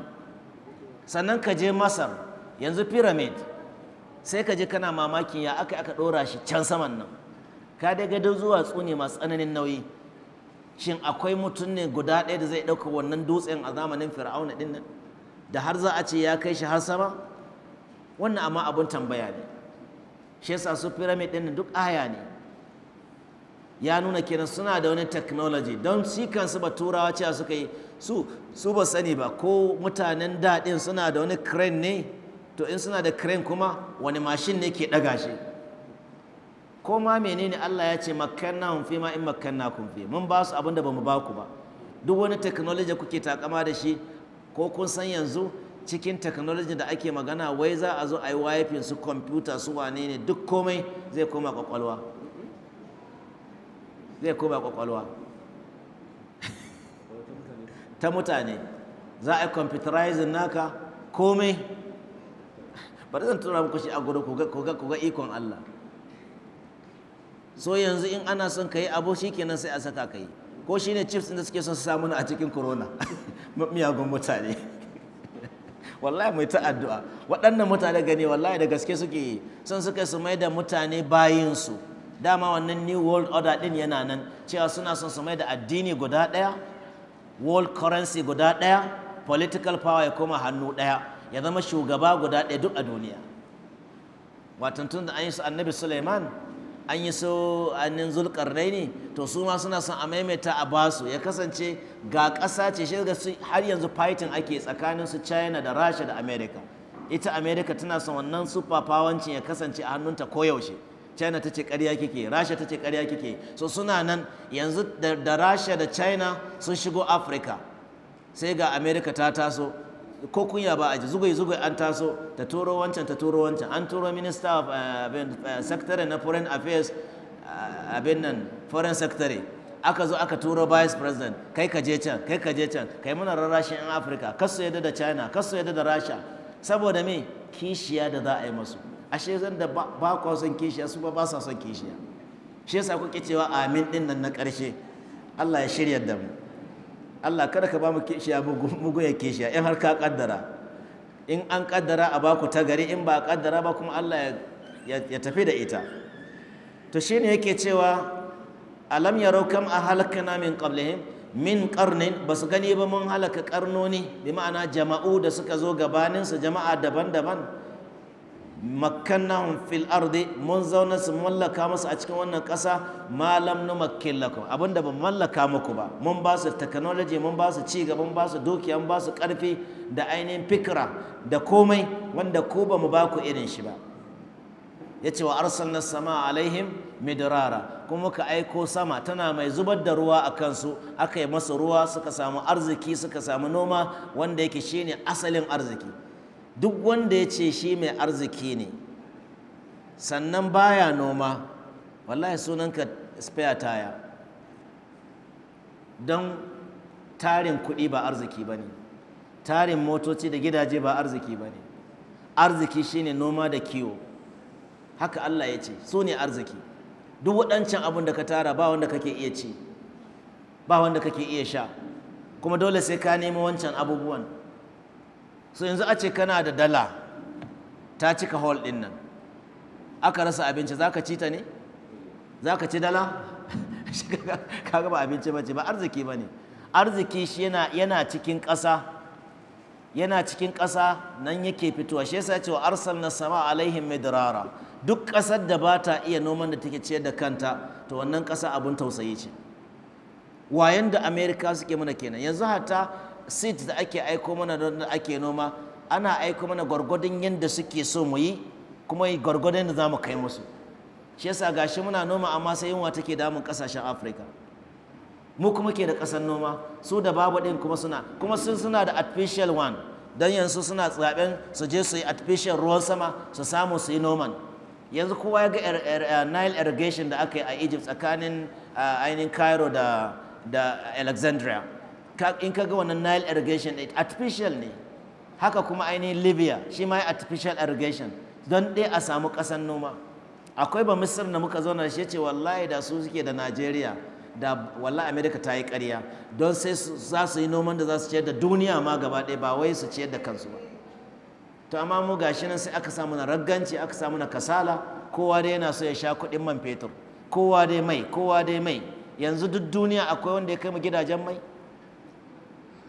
sannan ka je masar yanzu pyramid sai ka je kana mamakin ya aka aka ɗora shi can saman nan ka dai gadon zuwa tsuni masu tsananin nauyi shin akwai mutum ne guda ɗaya da zai ɗauka wannan dutsen a zamanin fir'auna ɗin nan da har za a ce ya kai shi har sama wannan amma abin tambaya ne shi yasa su pyramid ɗin duk aya ne ya nuna kenan suna da wani technology don shi kansu ba turawa cewa suka yi su su ba sani ba ko mutanen daɗin suna da wani crane ne to in suna da crane kuma wani mashin ne ke ɗaga shi ko ma menene Allah ya ce makanna hun fi ma in makanna kun fi mun ba su abin da mu ba ku ba duk wani technology kuke takama da shi ko kun san yanzu cikin technology da ake magana wai za a zo a yi su computer su wane ne duk komai zai koma kwakwalwa zai koma kwakwalwa ta mutane za a yi computerizing naka komai bari zan tura muku shi a gudu ku ga ikon Allah so yanzu in ana son ka yi abu kenan sai a saka ka yi ko ne chips da suke son su samu a cikin corona miyagun mutane wallahi mai ta addu'a waɗannan mutane gani wallahi da gaske suke yi sun suka su mai da mutane bayinsu dama wannan new world order din yana nan cewa suna son su mai da addini guda ɗaya world currency guda ɗaya political power ya koma hannu ɗaya ya zama shugaba guda ɗaya duk a duniya watan tun da an yi su annabi suleiman an yi su annin zulkarnai ne to su ma suna son a maimaita a basu ya kasance ga ƙasa ce shi ga su har yanzu fighting ake tsakanin su china da rasha da america ita america tana son wannan superpowancin ya kasance a hannunta koyaushe china ta ce karya kike rasha ta ce karya kike so suna nan yanzu da rasha da china sun shigo africa sai ga america ta taso ko kunya ba a ji zugai zugai an taso ta turo wancan ta turo wancan an turo minister of eh, eh, secretary na foreign affairs eh, abin nan foreign secretary aka zo aka turo vice president kai ka je can kai ka je can kai muna rarrashin yan afirka kasu yadda da china kasu yadda da rasha saboda me kishiya da za a yi masu ashe zan da ba kwa son kishiya su ba basa son kishiya shi yasa kuke cewa amin din nan na karshe Allah ya shirya da mu Allah kada ka ba mu kishiya mugu ya kishiya in har ka kaddara in an kaddara a baku ta gari in ba kaddara ba kuma Allah ya tafi da ita to shine yake cewa alam yarau kam ahalakna min qablihim min qarnin basu gani ba mun halaka karnoni bi ma'ana jama'u da suka zo gabanin su jama'a daban-daban makkannahum fil ardi mun zauna su mallaka musu a cikin wannan ƙasa malam nu makkin lakum abinda ban mallaka muku ba mun ba su technology mun ba su ci gaba mun ba su dukiya mun ba su ƙarfi da ainihin fikra da komai wanda ko ba mu ba ku irin shi ba ya ce wa arsalna sama alaihim midrara kuma muka aiko sama tana mai zubar da ruwa a kansu aka yi masa ruwa suka samu arziki suka samu noma wanda yake shine asalin arziki duk wanda ya ce shi mai arziki ne sannan baya noma wallahi sunanka spare taya don tarin kuɗi ba arziki ba ne tarin motoci da gidaje ba arziki ba ne arziki shine noma da kiwo haka Allah ya ce su ne arziki duk waɗancan abin da ka tara ba wanda kake iya ci ba wanda kake iya sha kuma dole sai ka nemi wancan abubuwan so yanzu a ce kana da dala ta cika hall din nan aka rasa abinci za ka ci ta ne za ka ci dala Ka gaba abinci ba ba arziki ba ne arziki shi yana cikin ƙasa yana cikin ƙasa nan yake fitowa shi yasa cewa arsal na sama alaihim duk ƙasar da ba ta iya noman da take ciyar da kanta to wannan ƙasa abin tausayi ce wayan da amerika suke mana kenan yanzu hatta seeds da ake aiko mana don ake noma ana aiko mana gwargwadon yadda suke so mu yi kuma gwargwadon da za mu kai musu shi yasa gashi muna noma amma sai yunwa take damun kasashen afirka mu kuma ke da ƙasar noma su da babu ɗin kuma suna kuma sun suna da artificial one don yanzu suna tsaben su je su yi artificial ruwan sama su samu su yi noman yanzu kowa ya ga er, er, er, nile irrigation da aka yi a egypt tsakanin ainihin cairo da alexandria in kaga ga wannan nile irrigation artificial ne haka kuma ainihin libya shi ma artificial irrigation don dai a samu ƙasan noma akwai ba misir da muka zauna shi ce wallahi da su suke da najeriya da wallahi amerika ta yi ƙarya don sai za su yi noman da za su ciyar da duniya ma gaba ɗaya ba wai su ciyar da kansu ba to amma mu gashi nan sai aka samu na ragganci aka samu na kasala kowa dai yana so ya sha kuɗin man fetur kowa dai mai kowa dai mai yanzu duk duniya akwai wanda ya kai mu gidajen mai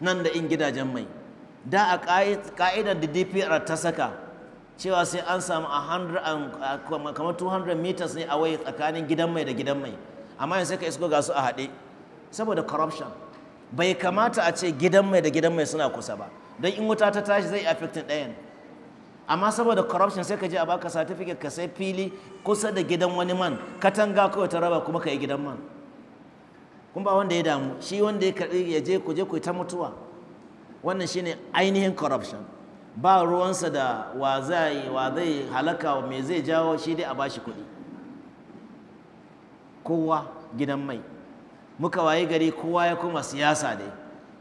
nan da in gidajen mai da a ka'idar da dpr ta saka cewa sai an samu a kamar 200 meters ne away tsakanin gidan mai da gidan mai amma yanzu ka isko ga su a haɗe saboda corruption bai kamata a ce gidan mai da gidan mai suna kusa ba don in wuta ta tashi zai affecting ɗayan amma saboda corruption sai ka je a baka certificate ka sai fili kusa da gidan wani man katanga kawai ta raba kuma ka yi gidan man kun ba wanda ya damu shi wanda ya karbi ya je kuje je ku ta mutuwa wannan shine ainihin corruption ba ruwansa da wa zai wa zai halaka me zai jawo shi dai a bashi kuɗi kowa gidan mai muka waye gari kowa ya kuma siyasa dai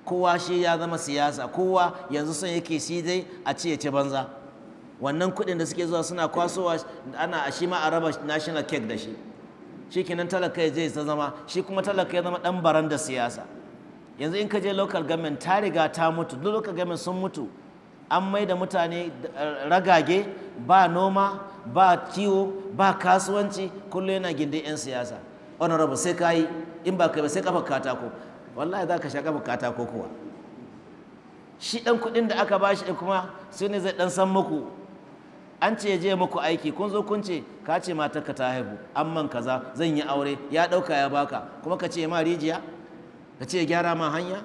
kowa shi ya zama siyasa kowa yanzu son yake shi dai a ce ya ci banza wannan kuɗin da suke zuwa suna kwasowa ana a shi ma a raba national cake da shi shikenan talaka zai je ta zama shi kuma talaka ya zama dan da siyasa yanzu in ka je local government ta riga ta mutu duk local government sun mutu an mai da mutane ragage ba noma ba kiwo ba kasuwanci kullum yana gindin 'yan siyasa honorable sai ka yi in ba kai ba sai kafa katako wallahi za ka sha kafa katako kuwa shi dan kuɗin da aka bashi kuma su ne zai dan san muku an ce je muku aiki kun zo kun ce ka ce matarka ta haihu amman kaza zan yi aure ya dauka ya baka kuma ka ce ma rijiya ka ce gyara ma hanya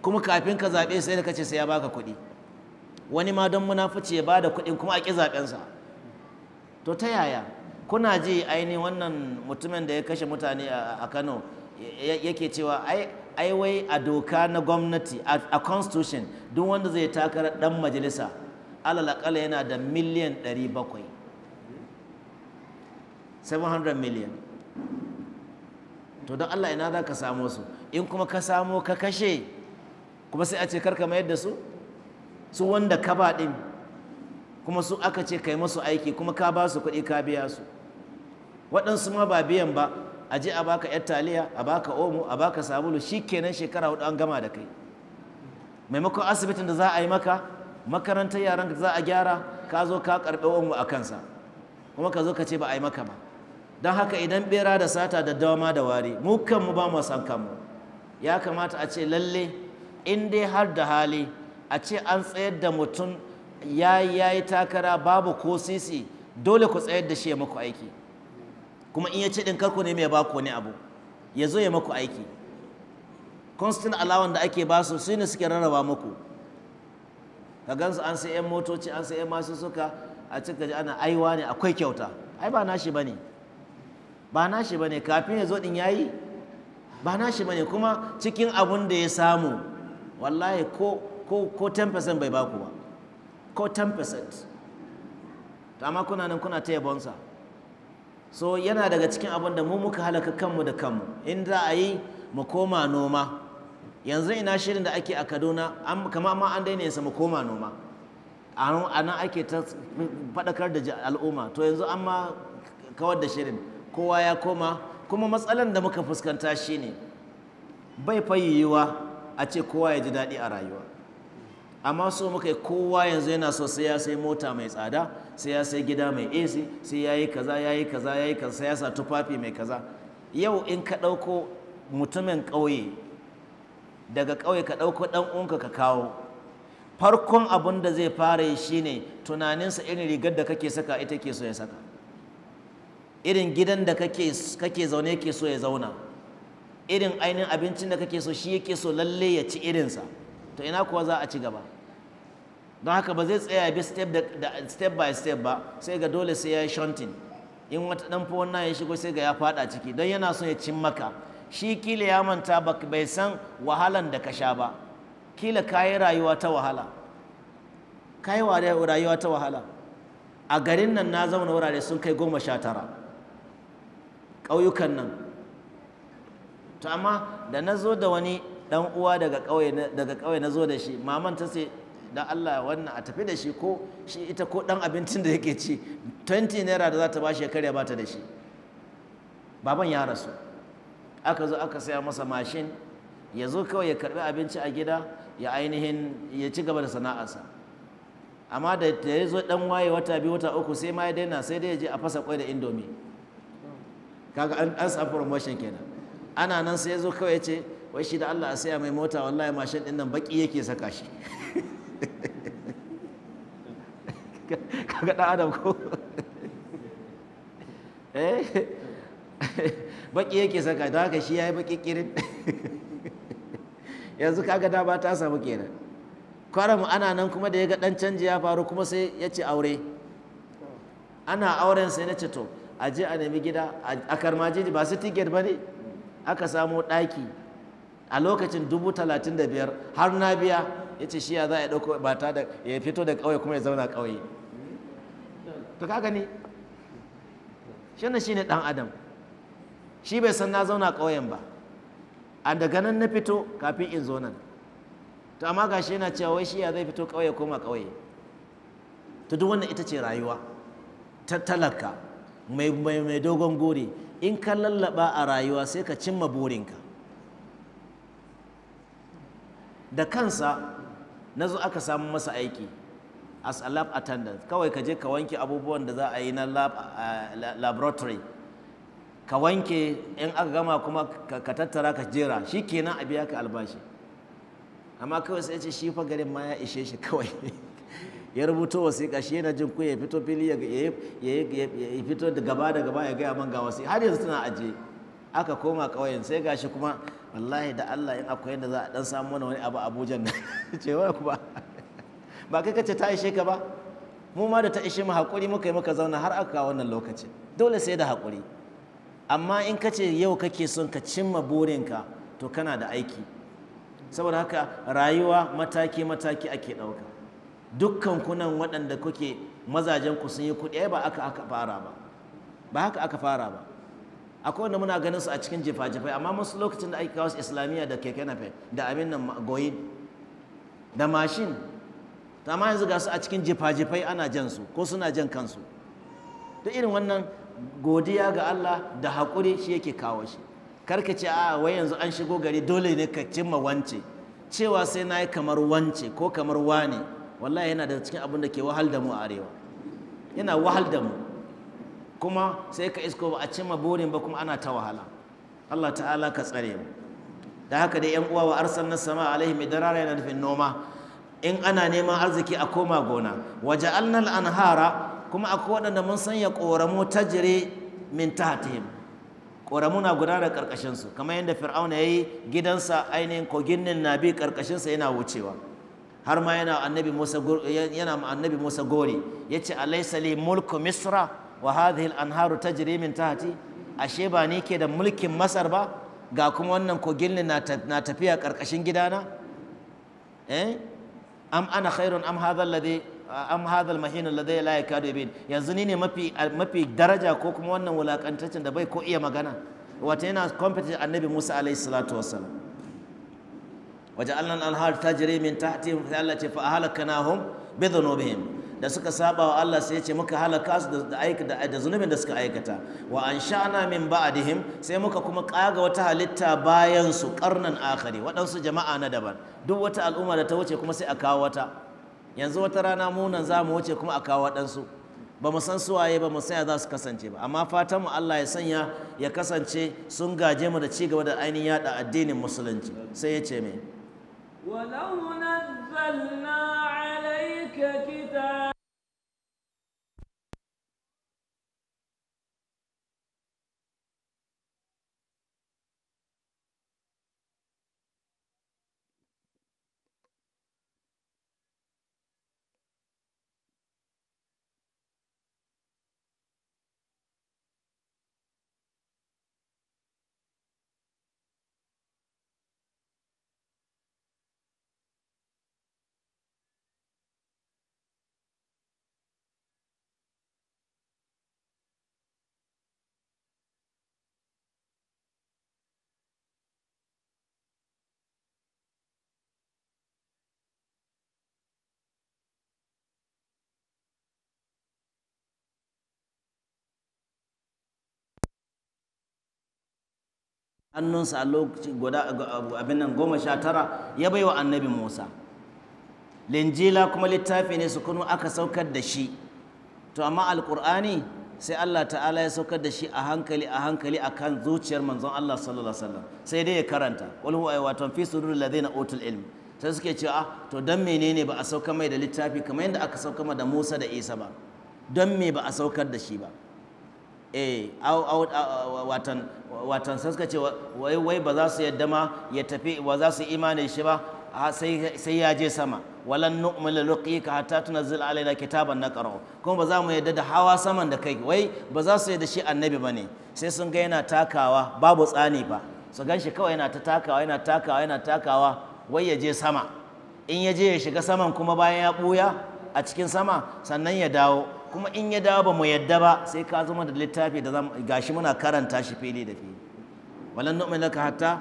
kuma kafin ka zaɓe sai da ka ce sai ya baka kuɗi wani ma don munafuci ya bada kuɗin kuma a ƙi zaɓensa to ta yaya kuna ji ainihin wannan mutumin da ya kashe mutane a kano yake cewa ai wai a doka na gwamnati a constitution duk wanda zai takara ɗan majalisa alalakala yana da miliyan 700 700 miliyan to don Allah ina za ka samo su in kuma ka samo ka kashe kuma sai a ce karka mayar da su su wanda ka ba ɗin kuma su aka ce kai masu aiki kuma ka ba su kuɗi ka biya su waɗansu ma ba biyan ba a je a baka yar taliya a baka omo a baka sabulu shi kenan shekara hudu an gama da kai maimakon asibitin da za a yi maka makarantar yaran za a gyara ka zo ka karɓi wanmu a kansa kuma ka zo ka ce ba a yi maka ba don haka idan bera da sata da dawama da wari mu kanmu ba mu san kanmu ya kamata a ce lalle in dai har da hali a ce an tsayar da mutum ya yi takara babu ko sisi dole ku tsayar da shi ya maku aiki kuma in ya ce ɗin karku ne mai ba ku ne abu ya zo ya maku aiki constant allowance da ake basu su ne suke rarraba muku ka gan su an sai 'yan motoci an sai 'yan masu suka a cika ji ana aiwa ne akwai kyauta ai ba nashi bane ba nashi bane kafin ya zo din yayi ba nashi bane kuma cikin abun da ya samu wallahi ko ko ko 10% bai baku ba ko 10% to amma kuna nan kuna ta yabonsa so yana daga cikin abun da mu muka halaka kanmu da kanmu in za a yi mu koma noma yanzu ina shirin da ake a kaduna kama ma an daina sama koma noma a nan ake ta faɗakar da al'umma to yanzu an ma kawar da shirin kowa ya koma kuma matsalan da muka fuskanta shine bai fayyuwa a ce kowa ya ji daɗi a rayuwa amma so muka yi kowa yanzu yana so sai ya sai mota mai tsada sai ya sai gida mai esi sai ya yi kaza ya yi kaza ya yi kaza sai ya sa tufafi mai kaza yau in ka ɗauko mutumin ƙauye daga ƙauye ka ɗauko ɗan unka ka kawo farkon abin da zai fara yi shine tunaninsa irin rigar da kake saka ita ke so ya saka irin gidan da kake zaune ke so ya zauna irin ainihin abincin da kake so shi yake so lalle ya ci irinsa to ina kuwa za a ci gaba don haka ba zai tsaya bi step by step ba sai ga dole sai ya yi shunting in wata dan fa wannan ya shigo sai ga ya faɗa ciki don yana so ya cin maka shi kila ya manta bai san wahalan da ka sha ba kila ka yi rayuwa ta wahala ka yi rayuwa ta wahala a garin nan na zauna wurare sun kai goma sha tara ƙauyukan nan to amma da na zo da wani ɗan uwa daga ƙauye na zo da shi maman ta ce da Allah wannan a tafi da shi ko shi ita ko ɗan abincin da yake ci 20 naira da za ta ba shi ya karya ba ta da shi baban ya rasu aka zo aka saya masa mashin ya zo kawai ya karbi abinci a gida ya ainihin ya ci gaba da sana'arsa amma da ya zo dan waye wata biyu wata uku sai ma ya daina sai dai ya je a fasa kwai da indomi kaga an an samu promotion kenan ana nan sai ya zo kawai ya ce wai shi da Allah a saya mai mota wallahi mashin din nan baki yake saka shi kaga dan adam ko eh baki yake saka da haka shi ya yi baki kirin yanzu kaga da ba ta samu kenan kwaram ana nan kuma da ya ga dan canji ya faru kuma sai ya ce aure ana auren sai na ce to a je a nemi gida a karmajeji ba su tiket ba ne aka samo ɗaki a lokacin dubu talatin da biyar har na biya ya ce shi ya za a ɗauko ba ta da ya fito da ƙauye kuma ya zauna ƙauye to ka gani shi ne ɗan adam shi bai san na zauna ƙauyen ba a daga nan na fito kafin in zo nan to amma ga shi yana cewa wai shi ya zai fito ƙauye koma ƙauye to duk wannan ita ce rayuwa ta talaka mai mai dogon gori in ka lallaba a rayuwa sai ka cimma burinka da kansa na zo aka samu masa aiki as a lab attendant kawai ka je ka wanke abubuwan da za a yi na eh, laboratory ka wanke in aka gama kuma ka tattara ka jera shi kenan a biya ka albashi amma kawai sai ce shi fa garin ma ya ishe shi kawai ya rubuto wasiƙa shi yana jin kuya ya fito fili ya fito da gaba da gaba ya gaya man ga wasi har yanzu tana aje aka koma ƙauyen sai gashi kuma wallahi da Allah in akwai yadda za a dan samu mana wani abu Abuja nan ce wani kuma ba kai kace ta ishe ka ba mu ma da ta ishe mu hakuri muka yi muka zauna har aka wannan lokacin dole sai da hakuri amma in ka ce yau kake son ka cimma burinka to kana da aiki saboda haka rayuwa mataki-mataki ake ɗauka dukkan kunan waɗanda kuke mazajen ku sun yi kuɗi ai ba aka aka fara ba ba haka aka fara ba akwai wanda muna ganin su a cikin jifa-jifai amma musu lokacin da ake kawo islamiyya da keke nafe da abin nan goyi da mashin ta ma yanzu ga su a cikin jifa-jifai ana jan su ko suna jan kansu duk irin wannan godiya ga Allah da haƙuri shi yake kawo shi karka ce a wai yanzu an shigo gari dole ne ka cimma wance cewa sai na yi kamar wance ko kamar wane wallahi yana da cikin abin da ke wahal da mu a arewa yana wahal da mu kuma sai ka isko ba a cimma burin ba kuma ana ta wahala Allah ta'ala ka tsare mu da haka da yan uwa wa na sama alaihi darara yana nufin noma in ana neman arziki a koma gona waje ja'alnal anhara kuma akwai waɗanda mun sanya ƙoramu ta jire min tahatihim ƙoramu na gudana ƙarƙashinsu kamar yadda fir'auna ya yi gidansa ainihin kogin bi ƙarƙashinsa yana wucewa har ma yana annabi musa yana annabi musa gori ya ce li mulku misra wa hadhihi al-anharu tajri min tahti ashe ba ni ke da mulkin masar ba ga kuma wannan kogin na tafiya ƙarƙashin gidana eh am ana khairun am hadha alladhi am hadha almahin alladhi la yakadu yabin yanzu ni ne mafi mafi daraja ko kuma wannan wulakantaccen da bai ko iya magana wata yana competition annabi Musa alaihi salatu wassalam waja'alna al-anhar tajri min tahtihim fa Allah ce fa ahlaknahum bi dhunubihim da suka saba wa Allah sai ya ce muka halaka su da da zunubin da suka aikata wa ansha'na min ba'dihim sai muka kuma kaga wata halitta bayan su karnan akhari waɗansu jama'a na daban duk wata al'umma da ta wuce kuma sai a kawo wata yanzu wata rana munan za mu wuce kuma a kawo waɗansu ba mu san suwaye ba mu sanya za su kasance ba amma fatan mu Allah ya sanya ya kasance sun gaje mu da cigaba da ainihin yada addinin musulunci sai ya ce me ولو نزلنا hannunsa a lokaci guda abin nan goma sha tara ya baiwa annabi musa linjila kuma littafi ne su kunu aka saukar da shi to amma alkur'ani sai allah ta'ala ya saukar da shi a hankali a hankali a kan zuciyar manzon allah sallallahu alaihi sai dai ya karanta qul huwa ayatun fi ladai na ilm sai suke cewa ah, to don menene ba a saukar mai da littafi kamar yadda aka saukar da Musa da Isa ba don me ba a saukar da shi ba eh watan watan sai ce wai ba za su yadda ma ya tafi ba za su imani shi ba sai ya je sama walan nu'mila luqika hatta tunzil alaina kitaban karo. kuma ba za mu yadda da hawa saman da kai wai ba za su yadda shi annabi bane sai sun ga yana takawa babu tsani ba su gan kawai yana ta takawa yana takawa yana takawa wai ya je sama in ya je ya shiga saman kuma bayan ya buya a cikin sama sannan ya dawo kuma in ya dawo ba mu yadda ba sai ka zama da littafi da gashi muna karanta shi fili da fili walan nu'min laka hatta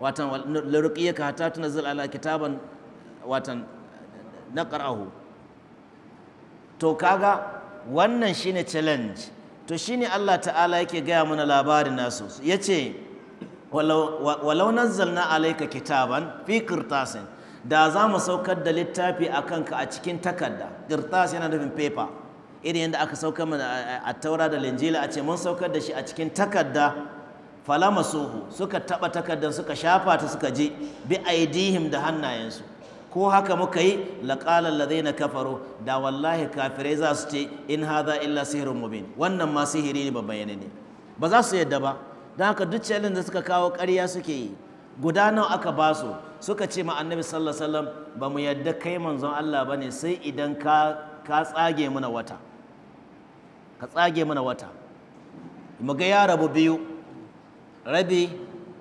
watan laruqiyaka hatta tunzil ala kitaban watan naqrahu to kaga wannan shine challenge to shine Allah ta'ala yake gaya mana labarin nasu yace walau nazzalna alayka kitaban fi qirtasin da za mu saukar da littafi a kanka a cikin takarda qirtas yana nufin paper irin yadda aka saukar mana a taura da linjila a ce mun saukar da shi a cikin takarda falama sohu suka taba takardar suka shafa ta suka je bi aidihim da hannayensu ko haka muka yi lazai na kafaru da wallahi kafirai za su ce in haza illa sihirin mubin wannan ma sihiri ne babban ne ba za su yadda ba don haka duk cikin da suka kawo ƙarya suke yi guda nawa aka ba su suka ce ma annabi sallallahu alaihi ba mu yadda kai manzon Allah ba ne sai idan ka ka tsage mana wata ka tsage mana wata mu ga ya rabu biyu rabi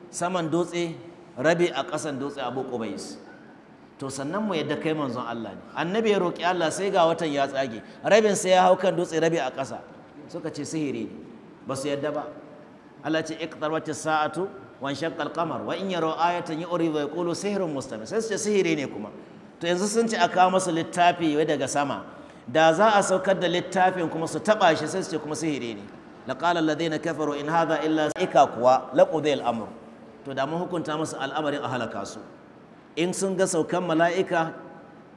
saman dutse rabi a ƙasan dutse abu qubais to sannan mu yadda kai manzon Allah ne annabi ya roki Allah sai ga watan ya tsage rabin sai ya hau kan dutse rabi a ƙasa suka ce sihiri ne ba su yadda ba Allah ce iqtarwati sa'atu wan shaqqal qamar wa in yaraw ayatan yuri wa yaqulu sihrun mustamir sai su ce sihiri ne kuma to yanzu sun ce aka masa littafi wai daga sama da za a saukar da littafin kuma su taba shi sai su ce kuma sihiri ne laqala alladhina kafaru in hadha illa ika kuwa laqudil amr to da mun hukunta musu al'amarin a halaka su in sun ga saukan mala'ika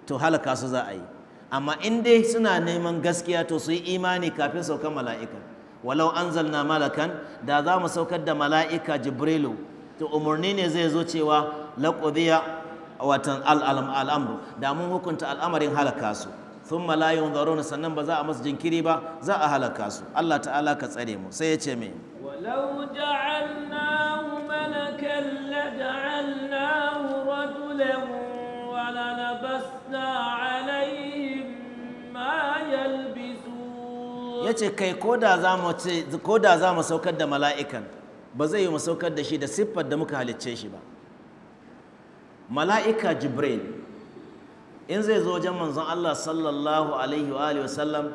to halaka su za a yi amma in dai suna neman gaskiya to su yi imani kafin saukan mala'ika walau anzalna malakan da za mu saukar da mala'ika jibrilu to umarni ne zai zo cewa laqudiya watan al'amru da mun hukunta al'amarin halaka su thumma la yunzaruna sannan ba za a masu jinkiri ba za a halaka su Allah ta'ala ka tsare mu sai ya ce me walau ja'alnahu malakan la ja'alnahu rajulan wa la labasna alaihim ma yalbisun yace kai ko da za mu ce ko da za mu saukar da mala'ikan ba zai yi mu saukar da shi da siffar da muka halicce shi ba mala'ika jibril in zai zo wajen manzon Allah sallallahu alaihi wa alihi wasallam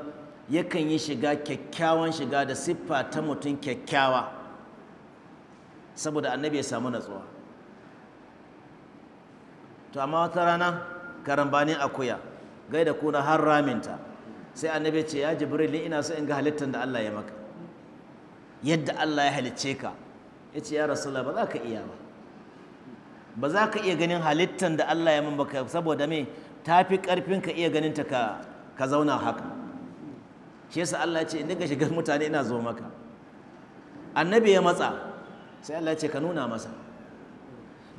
yakan yi shiga kyakkyawan shiga da siffa ta mutum kyakkyawa saboda annabi ya samu natsuwa to amma wata rana karambani akuya gai da kuna har raminta sai annabi ce ya jibril ina so in ga halittar da Allah ya maka yadda Allah ya halicce ka ya ce ya rasulullah ba za ka iya ba ba za ka iya ganin halittar da Allah ya mun baka saboda me ta fi ƙarfin ka iya ganin ta ka zauna haka shi yasa Allah ce inda ka shiga mutane ina zo maka annabi ya matsa sai Allah ce ka nuna masa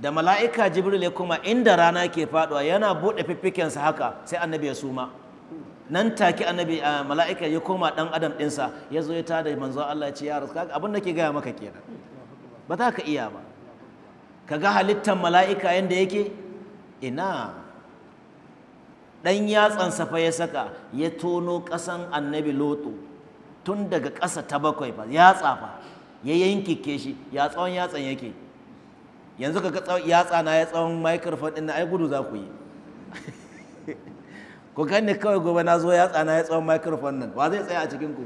da mala'ika jibril ya kuma inda rana ke faduwa yana buɗe fiffikensa haka sai annabi ya suma nan take annabi a mala'ika ya koma ɗan adam ɗinsa ya zo ya tada manzon Allah ya ce ya rasu abin da ke gaya maka kenan ba za ka iya ba ka ga halittar mala'ika yadda yake ina ɗan yatsan safa ya saka ya tono ƙasan annabi loto tun daga ƙasa ta bakwai fa ya tsafa, ya ke shi ya tsawon yatsan yake yanzu ka yatsa na ya tsawon microphone ɗin na ai gudu za ku yi ku kan ne kawai gobe na zo yatsa na ya tsawon microphone nan ba zai tsaya a cikin ku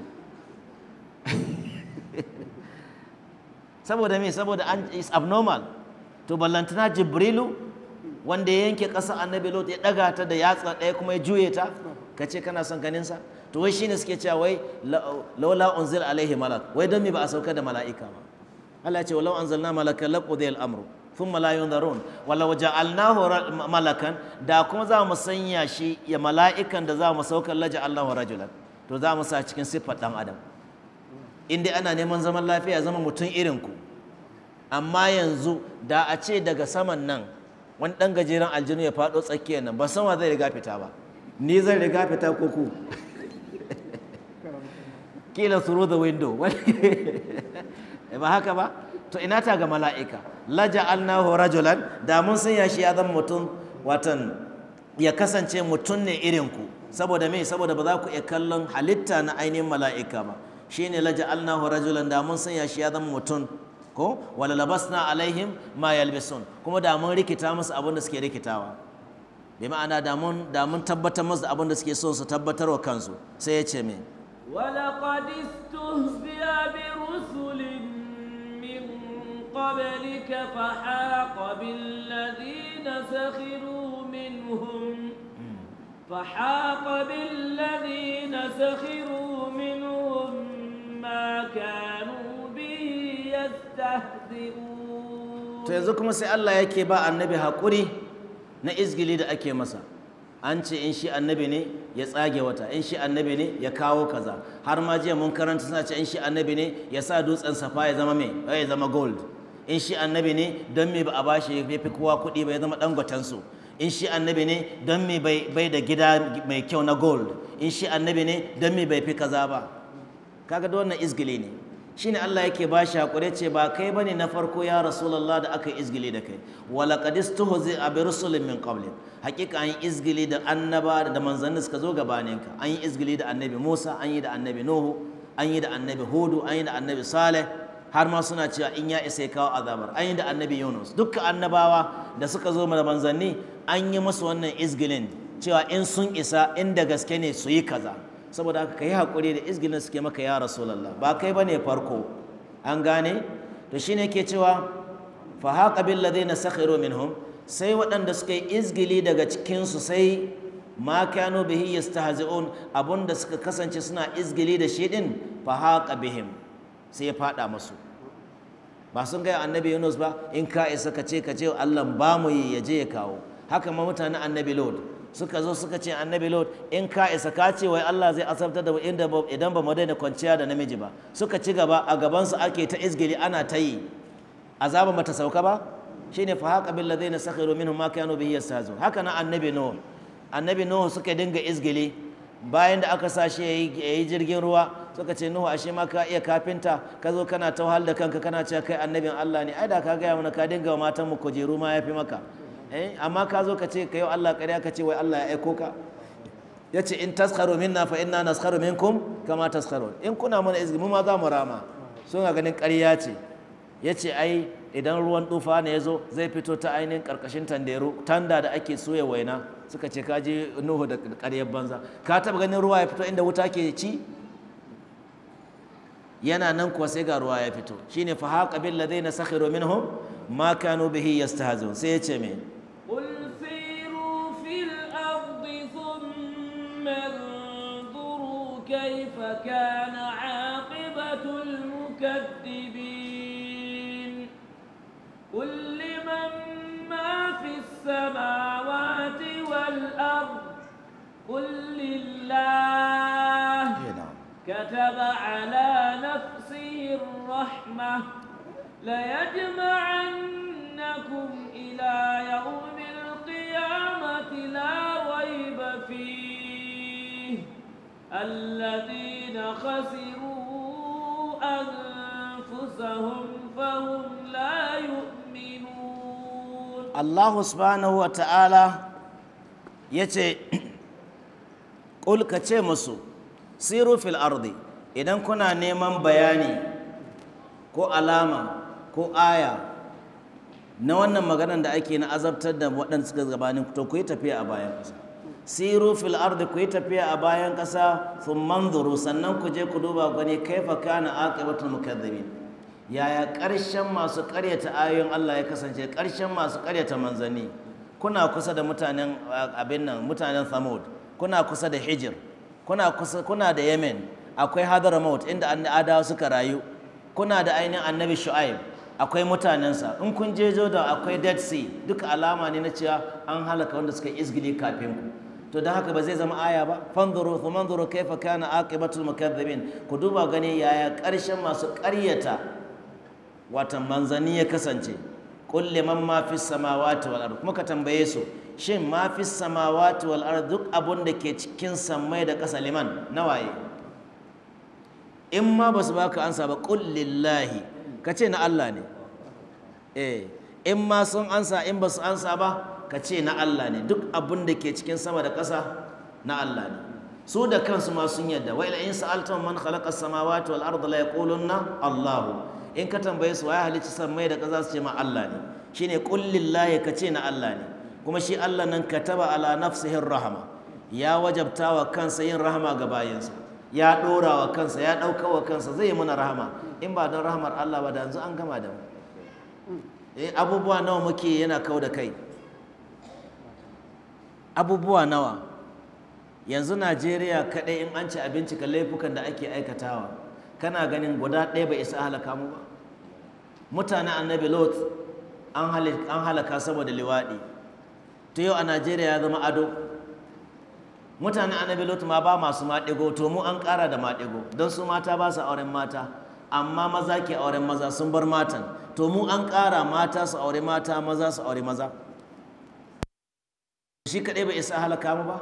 saboda me saboda an is abnormal to ballantana jibrilu wanda ya yanke ƙasa annabi lot ya ɗaga ta da yatsa ɗaya kuma ya juye ta ka ce kana son ganinsa to wai shine suke cewa wai laula unzil alaihi malak wai don me ba a sauka da mala'ika ba Allah ce walau anzalna malakan laqudi al-amru thumma la yunzarun walau ja'alnahu malakan da kuma za mu sanya shi ya mala'ikan da za mu saukar laja Allahu rajulan to za mu sa cikin siffar dan adam in dai ana neman zaman lafiya zama mutum irin ku amma yanzu da a ce daga saman nan wani ɗan gajeren aljanu ya faɗo tsakiyar nan ba sama zai riga fita ba ni zai riga fita ko ku kila through the window eh, ba haka ba to ina ta ga mala'ika laja'alnahu rajulan da mun sanya shi ya zama mutum watan ya kasance mutum ne irin ku saboda me saboda ba za ku iya kallon halitta na ainihin mala'ika ba shine laja'alnahu rajulan da mun sanya shi ya zama mutum ko wala labasna alaihim ma yalbisun kuma da mun rikita musu abin da suke rikitawa bi ma'ana da mun da mun tabbatar musu abin da suke so su tabbatar wa kansu sai ya ce me ولقد استهزئ برسل من قبلك فحاق بالذين سخروا منهم فحاق بالذين سخروا منهم ما كانوا به to yanzu kuma sai Allah yake ba annabi hakuri na izgili da ake masa an ce in shi annabi ne ya tsage wata in shi annabi ne ya kawo kaza har ma jiya mun karanta suna ce in shi annabi ne ya sa dutsen safa ya zama me eh, ya zama gold in shi annabi ne don me ba a bashi ya fi kowa kuɗi ba ya zama dangoten su in shi annabi ne don me bai da gida mai kyau na gold in shi annabi ne don me bai fi kaza ba kaga da wannan izgili ne shine Allah yake ba shi hakuri ce ba kai bane na farko ya rasulullah da aka izgili da kai wa laqad istuhzi bi rusulin min qablik hakika an izgili da annaba da manzanni suka zo gabanin ka an yi izgili da annabi Musa an yi da annabi Nuhu an yi da annabi Hudu an yi da annabi Saleh har ma suna cewa in ya isa ya kawo azabar an yi da annabi Yunus dukkan annabawa da suka zo da manzanni an yi musu wannan izgilin cewa in sun isa inda gaske ne su yi kaza saboda haka kai hakuri da izgilin suke maka ya rasulullah ba kai bane farko an gane to shine yake cewa fa haqa bil ladina sakhiru minhum sai waɗanda suka yi izgili daga cikin su sai ma kanu bihi yastahzi'un abunda suka kasance suna izgili da shi din fa haƙa bihim sai ya faɗa musu ba sun gaya annabi Yunus ba in ka isa ka ce ka ce Allah ba mu ya je ya kawo haka ma mutanen annabi Lord suka zo suka ce annabi lot in ka isa ka ce wai Allah zai asabtar da inda idan ba mu daina kwanciya da namiji ba suka ci gaba a gabansu ake ta izgili ana ta yi azaba mata sauka ba shine fa haqa bil ladina sakhiru minhum ma kanu bihi yastahzun haka na annabi nuh annabi nuh suka dinga izgili bayan da aka sa ya yayi jirgin ruwa suka ce nuhu ashe ma ka iya kafinta ka zo kana ta da kanka kana cewa kai annabin Allah ne ai da ka gaya mana ka dinga wa matan mu kujeru ma ya fi maka Eh, amma ka zo ka ce ka yau Allah ƙarya ka ce wai Allah ya aiko ka ya ce in taskaro minna fa inna naskharu minkum kama taskaro in kuna mana izgi mu ma za mu rama suna ganin ƙarya ce ya ce ai idan ruwan tufa ne ya zo zai fito ta ainihin karkashin tanderu tanda da ake soya waina suka ce kaji nuhu da karyar banza ka taba ganin ruwa ya fito inda wuta ke ci yana nan kuwa sai ga ruwa ya fito shine fa haqa bil ladina sakhiru minhum ma kanu bihi yastahzun sai ya ce me انظروا كيف كان عاقبة المكذبين قل لمن ما في السماوات والأرض قل لله إيه، نعم. كتب على نفسه الرحمة ليجمعنكم إلى يوم القيامة لا ريب فيه الذين خسروا أنفسهم فهم لا يؤمنون الله سبحانه وتعالى يتي قل كتي مسو siru fil ardi idan kuna neman bayani ko alama ko aya na wannan maganar da ake na azabtar da waɗanda suka gabanin to ku yi tafiya a bayan ƙasa siru fil ardi ku yi tafiya a bayan ƙasa sun manzuru sannan ku je ku duba gani kaifa kana aqibatul mukazzibin yaya ƙarshen masu ƙaryata ayoyin Allah ya kasance ƙarshen masu ƙaryata manzanni kuna kusa da mutanen abin nan mutanen Samud kuna kusa da Hijir kuna kusa da Yemen akwai Hadramaut inda adawa suka rayu kuna da ainihin Annabi Shu'aib akwai mutanensa in kun je da akwai Dead Sea duka alama ne na cewa an halaka wanda suka izgili kafin ku to don haka ba zai zama aya ba fanzuru fa kaifa kana aqibatul mukazzibin ku duba gani yaya karshen masu ƙaryata watan manzani ya kasance qul liman ma fis samawati wal ard kuma ka tambaye su shin ma fis samawati wal ard duk abun da ke cikin samai da ƙasa liman nawaye in ma ba su baka ansa ba qul lillahi ka ce na Allah ne eh in ma sun ansa in ba su ansa ba ka ce na Allah ne duk abin da ke cikin sama da ƙasa na Allah ne su da kansu ma sun yadda wa ila in sa'altum man khalaqa as-samawati wal arda la yaquluna Allahu in ka tambaye su waye halicci sammai da ƙasa su ce ma Allah ne shine qul lillahi ka ce na Allah ne kuma shi Allah nan kataba ala nafsihi rahama ya wajabta wa kansa yin rahama ga bayansa ya ɗora wa kansa ya ɗauka wa kansa zai yi mana rahama in ba don rahamar Allah ba da yanzu an gama da mu eh, abubuwa nawa muke yana kau da kai abubuwa nawa yanzu najeriya kaɗai in an ci abinci ka laifukan da ake aikatawa kana ganin guda ɗaya bai isa halaka mu ba Mutane annabi lot an halaka saboda liwaɗi ta yau a najeriya ya zama ado Mutane annabi lot ma ba masu maɗigo to mu an ƙara da maɗigo don su mata ba su auren mata amma maza ke auren maza sun bar matan to mu an ƙara mata su aure mata maza su aure maza shi kaɗai bai isa halaka mu ba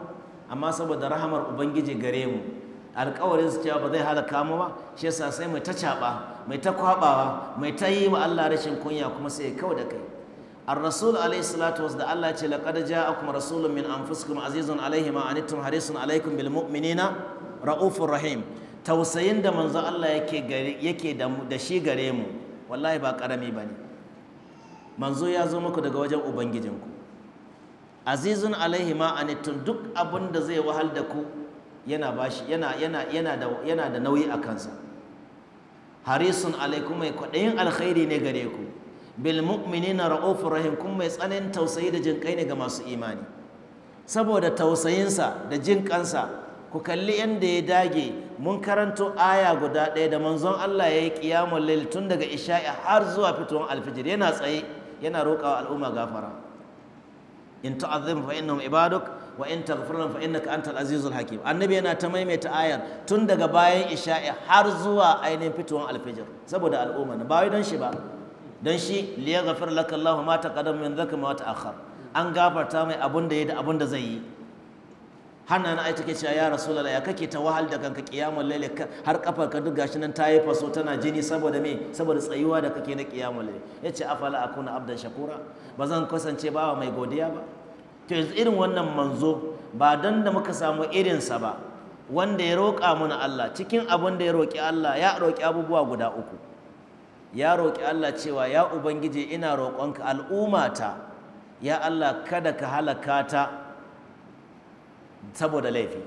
amma saboda rahamar ubangiji gare mu alkawarin su cewa ba zai halaka mu ba shi yasa sai mai ta caɓa mai ta kwaɓawa mai ta yi wa Allah rashin kunya kuma sai kau da kai الرسول عليه الصلاة والسلام الله يقول لقد min رسول من أنفسكم عزيز عليه ما أنتم حريص عليكم بالمؤمنين رؤوف rahim tausayin da manzo allah yake da shi gare mu wallahi ba karami bane manzo ya zo muku daga wajen ubangijinku azizun alaihi ma anittum duk abin da zai wahal da ku yana bashi yana yana da nauyi a kansa harisun alaikum mai kwaɗayin alkhairi ne gare ku bil mu'minina ra'ufur rahim kun mai tsananin tausayi da jin ne ga masu imani saboda tausayinsa da jin kansa ku kalli yadda ya dage mun karanto aya guda ɗaya da manzon Allah ya yi kiyamun lil tun daga isha'i har zuwa fitowar alfijir yana tsaye yana roƙawa al'umma gafara in ta'azzim fa innahum ibaduk wa in taghfir lahum fa innaka antal azizul hakim annabi yana ta maimaita ayar tun daga bayan isha'i har zuwa ainihin fitowar alfijir saboda al'umma ba wai don shi ba don shi liyaghfir lakallahu ma taqaddama min dhakama wa ta'akhkhar an gafarta mai abun da yayi da abun da zai yi hana na ai take cewa ya rasulullah ya kake ta wahal da kanka kiyamul har kafar ka duk gashi nan ta yi faso tana jini saboda me saboda tsayuwa da kake na kiyamul layl yace afala akuna abdan shakura bazan kasance bawa mai godiya ba to yanzu irin wannan manzo ba dan da muka samu irin sa ba wanda ya roƙa mana Allah cikin abin da ya roƙi Allah ya roƙi abubuwa guda uku ya roƙi Allah cewa ya ubangiji ina roƙonka al'ummata ya Allah kada ka halaka ta saboda laifi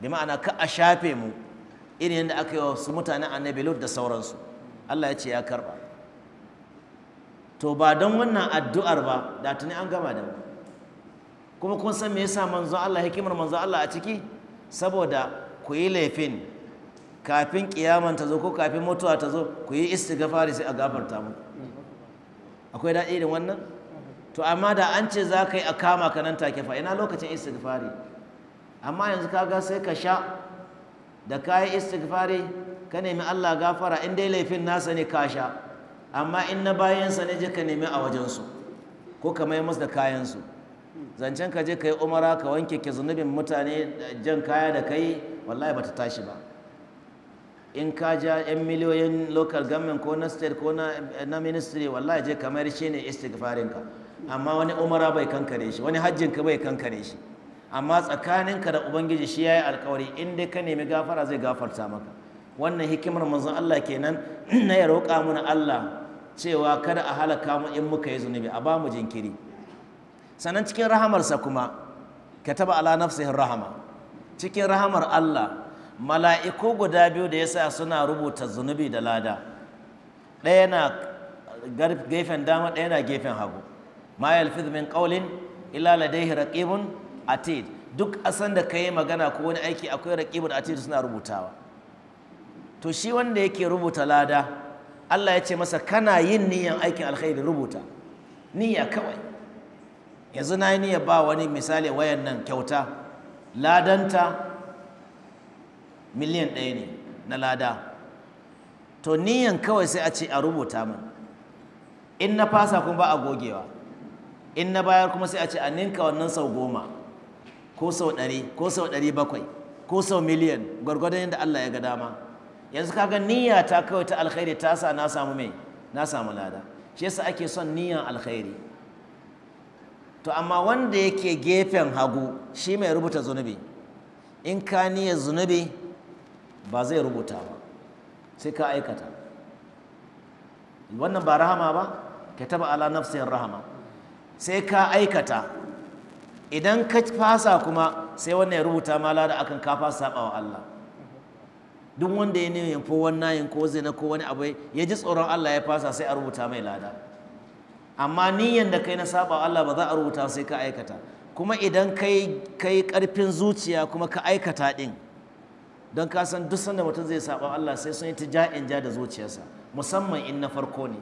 bi ma'ana ka a shafe mu irin yadda aka yi wa su mutane annabi lut da sauransu Allah ya ce ya karba to ba don wannan addu'ar ba da tuni an gama da mu kuma kun san me yasa manzon Allah hikimar manzon Allah a ciki saboda ku yi laifin kafin kiyaman ta zo ko kafin mutuwa ta zo ku yi istighfari sai a gafarta mu akwai daɗi irin wannan to amma da an ce za ka yi a kama ka nan take fa ina lokacin istighfari amma yanzu ka ga sai ka sha da ka yi istighfari ka nemi Allah gafara in dai laifin nasa ne ka sha amma in na bayansa ne je ka nemi a wajensu ko ka mai musu da kayansu zancen ka je ka yi umara ka wanke ke zunubin mutane jan kaya da kai wallahi bata tashi ba in ka ja 'yan miliyoyin local government ko na state ko na ministry wallahi je kamar shi ne istighfarinka amma wani umara bai kankare shi wani hajjin ka bai kankare shi amma tsakaninka da ubangiji shi yayi alkawari in dai ka nemi gafara zai gafarta maka wannan hikimar manzon Allah kenan na ya roƙa mana Allah cewa kada a halaka mu in muka yi zunubi a ba mu jinkiri sannan cikin rahamarsa kuma ka taba ala nafsihin rahama cikin rahamar Allah mala'iku guda biyu da yasa suna rubuta zunubi da lada ɗaya na gefen dama ɗaya na gefen hagu ma yalfidh min qawlin illa ladayhi raqibun atid duk asan da kai magana ko wani aiki akwai raqibun atid suna rubutawa to shi wanda yake rubuta lada Allah ya ce masa kana yin niyan aikin alkhairi rubuta niyya kawai yanzu na yi niyyar ba wani misali wayan nan kyauta ladanta miliyan ɗaya ne na lada to niyan kawai sai a ce a rubuta min in na fasa kuma ba a gogewa in na bayar kuma sai a ce a ninka wannan sau goma ko sau ɗari ko sau ɗari bakwai ko sau miliyan gwargwadon yadda Allah ya ga dama yanzu kaga niyya ta kawai ta alkhairi ta sa na samu mai na samu lada shi yasa ake son niyyan alkhairi to amma wanda yake gefen hagu shi mai rubuta zunubi in ka niyya zunubi ba zai rubuta ba sai ka aikata wannan ba rahama ba ka taba ala nafsin rahama sai ka aikata idan ka fasa kuma sai wannan ya rubuta ma lada akan ka fasa saba wa Allah duk wanda ya nemi ko wannan ko na ko wani abu ya ji tsoron Allah ya fasa sai a rubuta mai lada amma niyyar da kai na saba Allah ba za a rubuta sai ka aikata kuma idan kai kai karfin zuciya kuma ka aikata din don ka san duk sanda mutum zai saba Allah sai sun yi tija'in ja da zuciyarsa musamman in na farko ne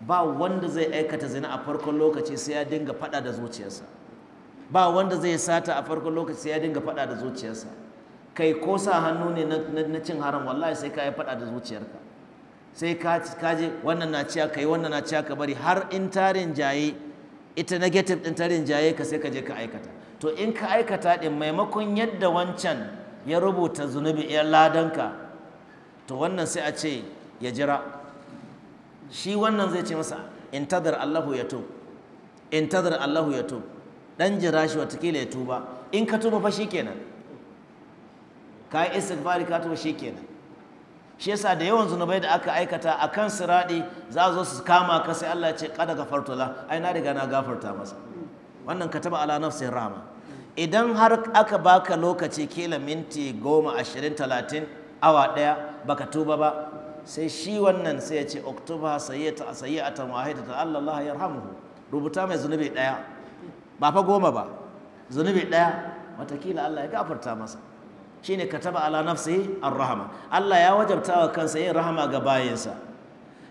ba wanda zai aikata zina a farkon lokaci sai ya dinga fada da zuciyarsa ba wanda zai sata a farkon lokaci sai ya dinga fada da zuciyarsa kai ko sa hannu ne na cin haram wallahi sai ka yi fada da zuciyarka sai ka je wannan na ciya kai wannan na ciya ka bari har in tarin jaye ita negative din tarin jaye ka sai ka je ka aikata to in ka aikata din maimakon yadda wancan ya rubuta zunubi ya ladanka to wannan sai a ce ya jira shi wannan zai ce masa intadar Allahu ya tub intadar Allahu ya tub dan jira shi watakila ya tuba in ka tuba fa shikenan ka yi istighfari ka tuba shikenan shi yasa da yawan zunubai da aka aikata a kan siradi za zo su kama ka sai Allah ya ce kada gafartu la ai na riga na gafarta masa wannan ka taba ala nafsin rama idan har aka baka lokaci kila minti goma ashirin talatin awa ɗaya baka tuba ba sai shi wannan sai ya ce oktoba sayyata sayyatan wahidatan Allah Allah yarhamuhu rubuta mai zunubi daya ba fa goma ba zunubi daya watakila Allah ya gafarta masa shine kataba ala nafsihi arrahma. Allah ya wajabta wa kansa yin rahama ga bayinsa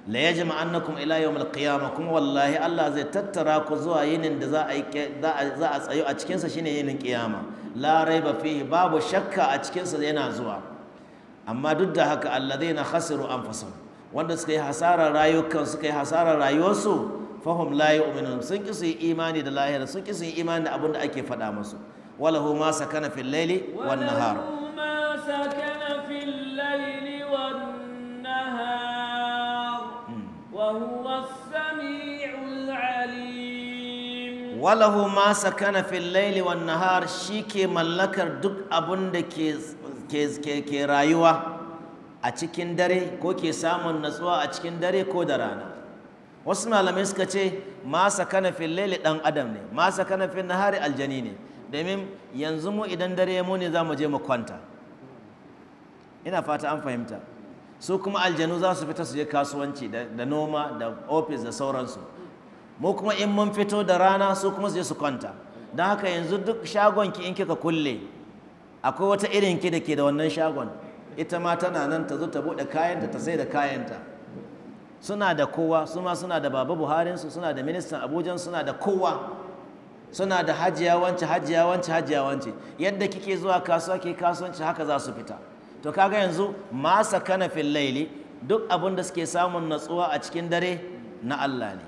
la yajma annakum ila yawm alqiyamah kuma wallahi Allah zai tattara ku zuwa yinin da za a za a tsayo a cikin sa shine yinin kiyama la raiba fihi babu shakka a cikin sa yana zuwa amma duk da haka na alladheena an anfusahum wanda suka yi hasarar rayukan suka yi hasarar rayuwarsu fahim la yu'minun sun ki su yi imani da lahira sun ki su yi imani da abin da ake faɗa musu wala ma sakana fil laili wan nahar ma sakana fil laili wan nahar hmm. wa huwa ma sakana fil laili wan nahar shike mallakar duk abin da ke ke rayuwa a cikin dare ko ke samun natsuwa a cikin dare ko da rana wasu malamai suka ce masa kanafin lele dan adam ne masa kanafin nahari aljani ne domin yanzu mu idan dare mu ne za mu je mu kwanta ina fata an fahimta su kuma aljanu za su fita su je kasuwanci da noma da ofis da sauransu mu kuma in mun fito da rana su kuma su je su kwanta don haka yanzu duk shagonki in kika kulle akwai wata irin ki da ke da wannan shagon ita ma tana nan ta zo ta bude kayanta ta sai da kayanta suna da kowa su ma suna da baba buharinsu suna da ministan abujan suna da kowa suna da hajiya wance hajiya wance hajiya wance yadda kike zuwa kasuwa ke kasuwanci haka za su fita to kaga yanzu masa fil laili duk abin da suke samun natsuwa a cikin dare na Allah ne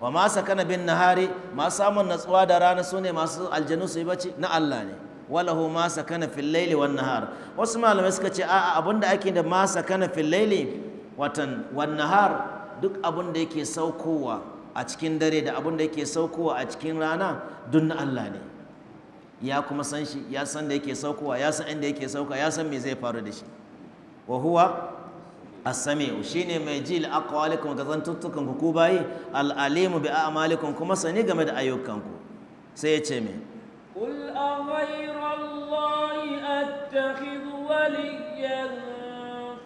wa masa bin nahari masu samun natsuwa da rana sune masu aljanu su yi bacci na Allah ne walahu ma sakana fil laili wan nahar wasu malamai suka ce a'a abinda ake da ma sakana fil laili watan wan nahar duk abinda yake saukowa a cikin dare da abinda yake saukowa a cikin rana duk na Allah ne ya kuma san shi ya san da yake saukowa ya san inda yake sauka ya san me zai faru da shi wa huwa as-sami'u shine mai ji aqwalikum ga zantuttukan ku ku bayi al-alimu bi a'malikum kuma sani game da ayyukanku sai ya ce me قل أغير الله أتخذ وليا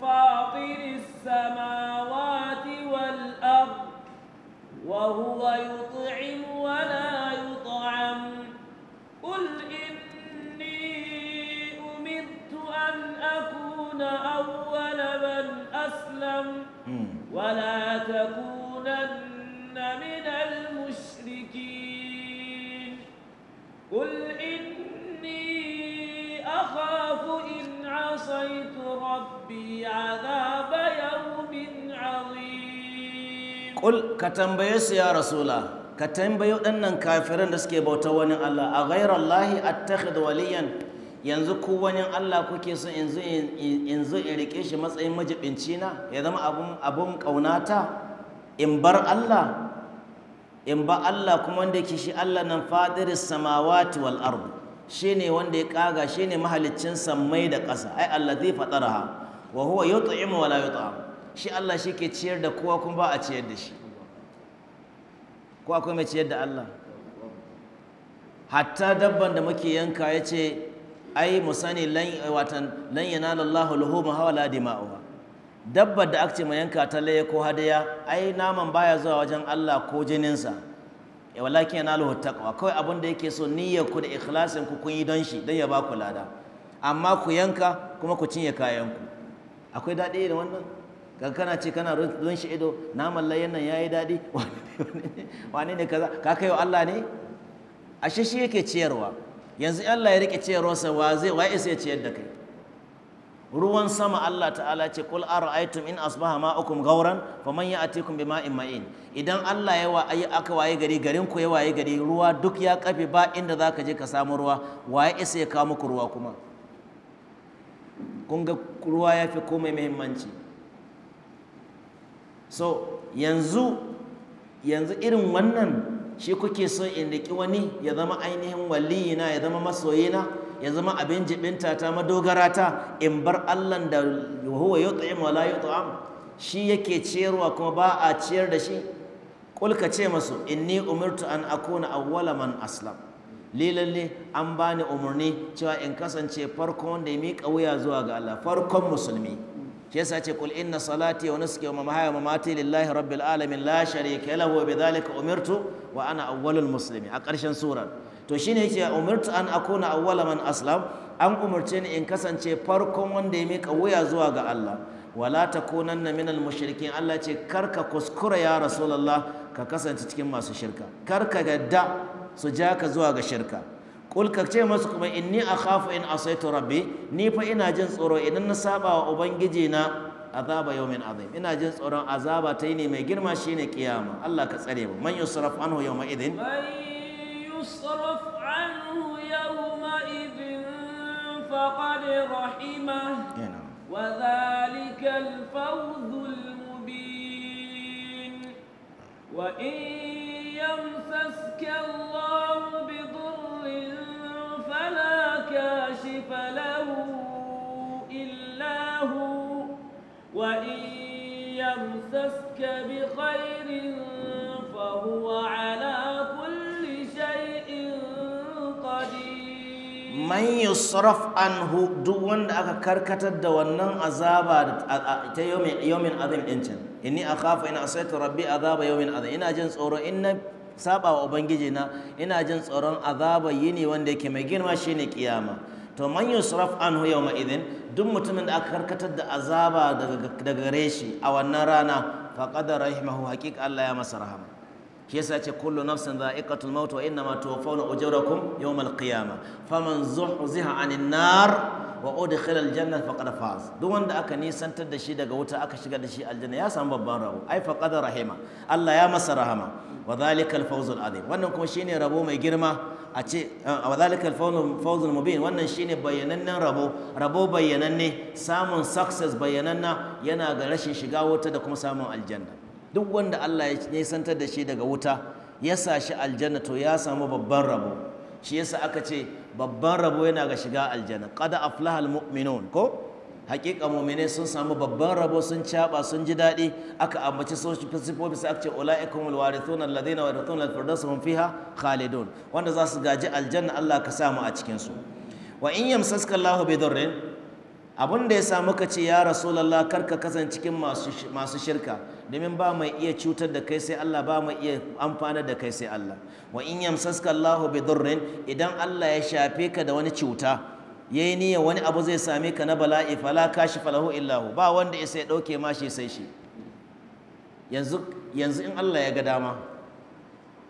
فاطر السماوات والأرض وهو يطعم ولا يطعم قل إني أمرت أن أكون أول من أسلم ولا تكونن من المشركين Kul in ni aka fi ina ya rubin ari. ka tambaye su ya rasula ka tambaye waɗannan kafirin da suke bauta wani Allah. A ghairar lahi, a tahi da waliyan. Yanzu ku wani Allah Kuke son yanzu in riƙe shi matsayin majibinci na Ya zama abin ƙaunata? In bar Allah? in ba Allah kuma wanda yake shi Allah nan fadiris samawati wal ardu shine wanda ya kaga shine mahaliccin sammai da ƙasa ai allazi fataraha wa huwa yut'imu wa la yut'am shi Allah shi ke ciyar da kowa kuma ba a ciyar da shi kowa kuma mai ciyar da Allah hatta dabban da muke yanka yace ai mu sani lan watan lan yanalallahu luhumuha wala dima'uha dabbar da aka ce mai yanka ta laye ko hadaya ai naman baya zuwa wajen Allah ko jininsa ya eh, walakin yana lahu taqwa kawai abin da yake so niyyar ku da ikhlasin ku kun yi don shi don ya ba ku lada amma ku yanka kuma ku cinye kayan ku akwai daɗi da wannan kaga kana ce kana don shi ido naman layen nan yayi daɗi Wani ne kaza ka kai wa Allah ne ashe shi yake ciyarwa yanzu Allah ya rike ciyarwarsa wa zai wa isa ya ciyar da kai ruwan sama Allah ta'ala ce kul ara'aytum in asbaha ma'ukum gauran faman ya'tikum bima'in ma'in idan Allah ya waye aka waye gari garin ku ya waye gari ruwa duk ya kafe ba inda zaka je ka samu ruwa waye isa ya kawo muku ruwa kuma kun ga ruwa ya fi komai muhimmanci so yanzu yanzu irin wannan shi kuke so in riki wani ya zama ainihin waliyina ya zama masoyina ya zama abin jibinta ta madogara ta in bar Allah da huwa yut'im wa la yut'am shi yake ciyarwa kuma ba a ciyar da shi Kulka ce masu inni umirtu an akuna awwala man aslam lilalle an bani umarni cewa in kasance farkon wanda ya miƙa wuya zuwa ga Allah farkon musulmi shi yasa ce kul inna salati wa nusuki wa mamaya wa mamati lillahi rabbil alamin la sharika lahu wa bidhalika umirtu wa ana awwalul muslimin a ƙarshen surar to shine yake umirtu an akuna awwala man aslam an umarce ni in kasance farkon wanda ya mika wuya zuwa ga Allah wala takunanna minal mushrikin Allah ce karka kuskura ya rasulullah ka kasance cikin masu shirka karka gadda su ja ka zuwa ga shirka kul ka ce masu kuma inni akhafu in asaitu rabbi ni fa ina jin tsoro idan na saba wa ubangiji na azaba yawmin azim ina jin tsoron azaba ta ne mai girma shine kiyama Allah ka tsare mu man yusraf anhu yawma idin يصرف عنه يومئذ فقد رحمه إيه نعم. وذلك الفوز المبين وإن يمسسك الله بضر فلا كاشف له إلا هو وإن يمسسك بخير فهو على كل man yusraf anhu duk wanda aka karkatar da wannan azaba ta yawmin azim din can inni akhafu in asaitu rabbi azaba yawmin azim ina jin tsoro in na saba wa ubangiji na ina jin tsoron azaba yini wanda yake mai girma shine kiyama to man yusraf anhu yawma idin duk mutumin da aka karkatar da azaba daga gare shi a wannan rana faqad rahimahu haqiqa Allah ya masa rahama shi yasa ce kullu nafsin dha'iqatul maut wa innama tuwaffawna ujurakum yawmal qiyamah faman zuhziha 'anil nar wa udkhila aljanna faqad faz duk wanda aka nisantar da shi daga wuta aka shiga da shi aljanna ya samu babban rabo ai faqad rahima Allah ya masa rahama wa dhalika alfawzul azim wannan kuma shine rabo mai girma a ce wa dhalika alfawzul mubin wannan shine bayyanannen rabo rabo bayyananne samun success bayyananna yana ga rashin shiga wuta da kuma samun aljanna duk wanda Allah ya nisantar da shi daga wuta ya sa shi aljanna to ya samu babban rabo shi yasa aka ce babban rabo yana ga shiga aljanna kada aflaha almu'minun ko hakika muminai sun samu babban rabo sun caba sun ji daɗi aka ambaci sun shi sifofi sai aka ce ulaiikumul warithuna alladhina warithuna alfirdaus hum fiha khalidun wanda za su gaji aljanna Allah ka samu a cikin su wa in yamsaska Allah bi abin da ya samu ka ce ya rasulullah karka kasance cikin masu shirka domin ba mai iya cutar da kai sai Allah ba mai iya amfana da kai sai Allah wa in yamsaska Allahu bi durrin idan Allah ya shafe ka da wani cuta yayi niyya wani abu zai same ka na bala'i fala kashi falahu illahu ba wanda ya sai dauke mashi sai shi yanzu yanzu in Allah ya ga dama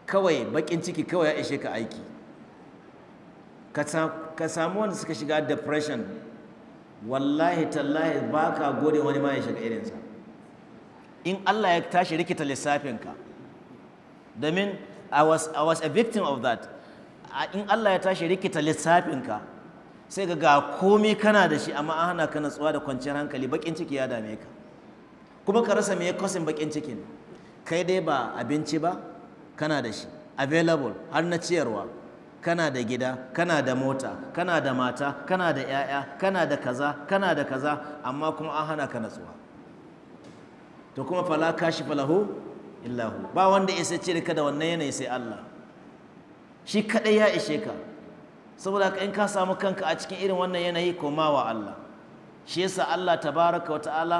kawai bakin ciki kawai ya ishe ka aiki ka samu wanda suka shiga depression wallahi tallahi baka gode wani ma ya shiga irinsa in Allah ya tashi rikita lissafinka domin I was, a victim of that in Allah ya tashi rikita lissafinka sai ga komi kana da shi amma an hana ka natsuwa da kwanciyar hankali bakin ciki ya dame ka kuma ka rasa me ya kosin bakin cikin kai dai ba abinci ba kana da shi available har na ciyarwa kana da gida kana da mota kana da mata kana da 'ya'ya kana da kaza kana da kaza amma kuma an hana ka natsuwa to kuma fala kashi falahu illahu ba wanda isa cire ka da wannan yanayi sai Allah shi kadai ya ishe ka saboda ka in ka samu kanka a cikin irin wannan yanayi koma wa Allah shi yasa Allah tabaraka wa ta'ala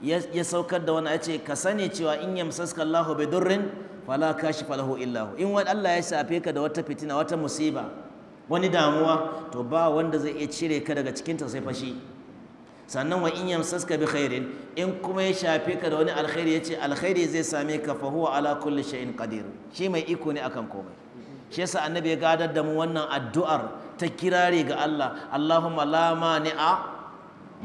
ya saukar da wani ace ka sani cewa in yamsaska Allahu bi durrin fala kashi falahu illahu in wani Allah ya shafe ka da wata fitina wata musiba wani damuwa to ba wanda zai iya cire ka daga cikin ta sai fashi sannan wa in yamsaska bi khairin in kuma ya shafe ka da wani alkhairi yace alkhairi zai same ka fa huwa ala kulli shay'in qadir shi mai iko ne akan komai shi yasa annabi ya gadar da mu wannan addu'ar ta kirare ga Allah Allahumma la mani'a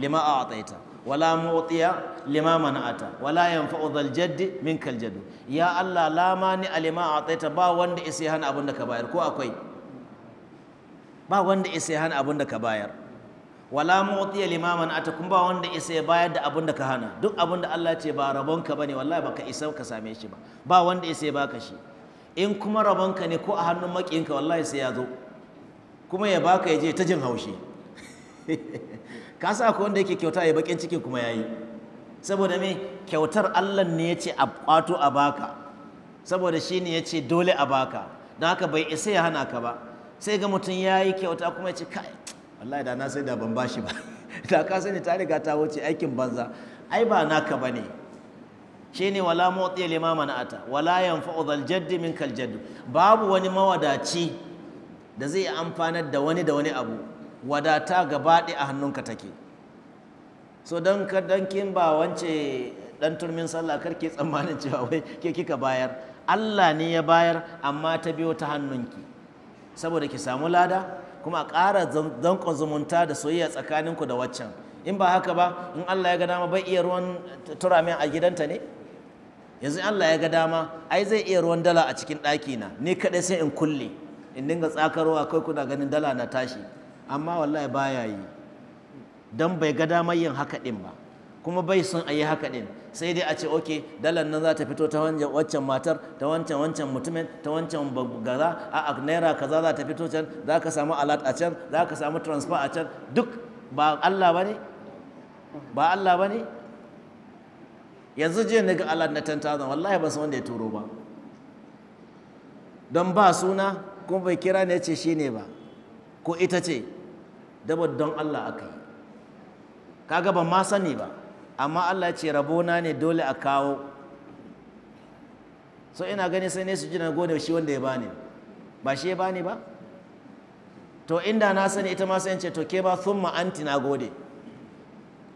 lima a'taita wala mu'tiya lima mana'ata wala yanfa'u dhal jaddi minkal jaddu ya Allah la mani'a lima a'taita ba wanda isa hana abin da ka bayar ko akwai ba wanda isa hana abin da ka bayar wala mutiya limaman ata kuma ba wanda isa ya bayar da abin da ka hana duk abin da Allah ce ba rabonka bane wallahi baka isa ka same shi ba ba wanda isa ya baka shi in kuma rabonka ne ko a hannun makiyinka wallahi sai ya zo kuma ya baka ya je ta jin haushi ka sa ko wanda yake kyauta ya bakin ciki kuma yayi saboda me kyautar Allah ne ya ce a kwato a baka saboda shi ne ya ce dole a baka don haka bai isa ya hana ka ba sai ga mutum ya yi kyauta kuma ya ce kai Allah da na sai da ban bashi ba da ka sani ta riga ta wuce aikin banza ai ba naka bane shine wala mawdi lima mana'ata wala yanfa'u dhal jaddi kal jaddu babu wani mawadaci da zai amfanar da wani da wani abu wadata gaba a hannunka take so don ka kin ba wance dan turmin sallah karki tsammanin cewa wai ke kika bayar Allah ne ya bayar amma ta biyo ta hannunki saboda ki samu lada kuma a ƙara zankon zumunta da soyayya tsakaninku da waccan in ba haka ba in Allah ya ga dama bai iya ruwan turamin a gidanta ne yanzu Allah ya ga dama ai zai iya ruwan dala a cikin ɗaki na ni kaɗai sai in kulle in dinga tsakarwa kai kuna ganin dala na tashi amma wallahi baya yi dan bai ga damar yin haka ɗin ba kuma bai son a yi haka ɗin sai dai a ce oke dalar nan za ta fito ta wancan matar ta wancan wancan mutumin ta wancan gaza a naira kaza za ta fito can za ka samu alat a can za ka samu transfer a can duk ba Allah ba ne ba Allah ba ne yanzu jiya na ga alat na 10,000 wallahi ba san wanda ya turo ba don ba suna kuma bai kira ne ce shi ne ba ko ita ce dabar don Allah aka yi kaga ban ma sani ba amma Allah ce rabona ne dole a kawo so ina gani sai ne su ji na gode shi wanda ya bani ba shi ya bani ba to inda na sani ita ma sai ce to ke ba thumma anti na gode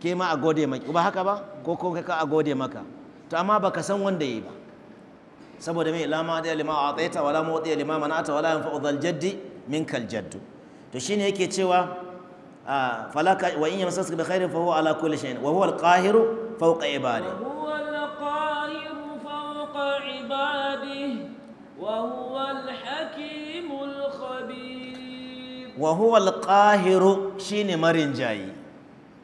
ke ma a gode maki ba haka ba ko ko ka a gode maka to amma baka san wanda yi ba saboda mai lama da a ataita wala limama na ta wala yin dhal jaddi kal jaddu to shine yake cewa wa in yi masarsu da khairun fahuwa ala kula shayin wa huwa alƙahiru fauƙa ibadi wa huwa alƙahiru shi ne marin jayi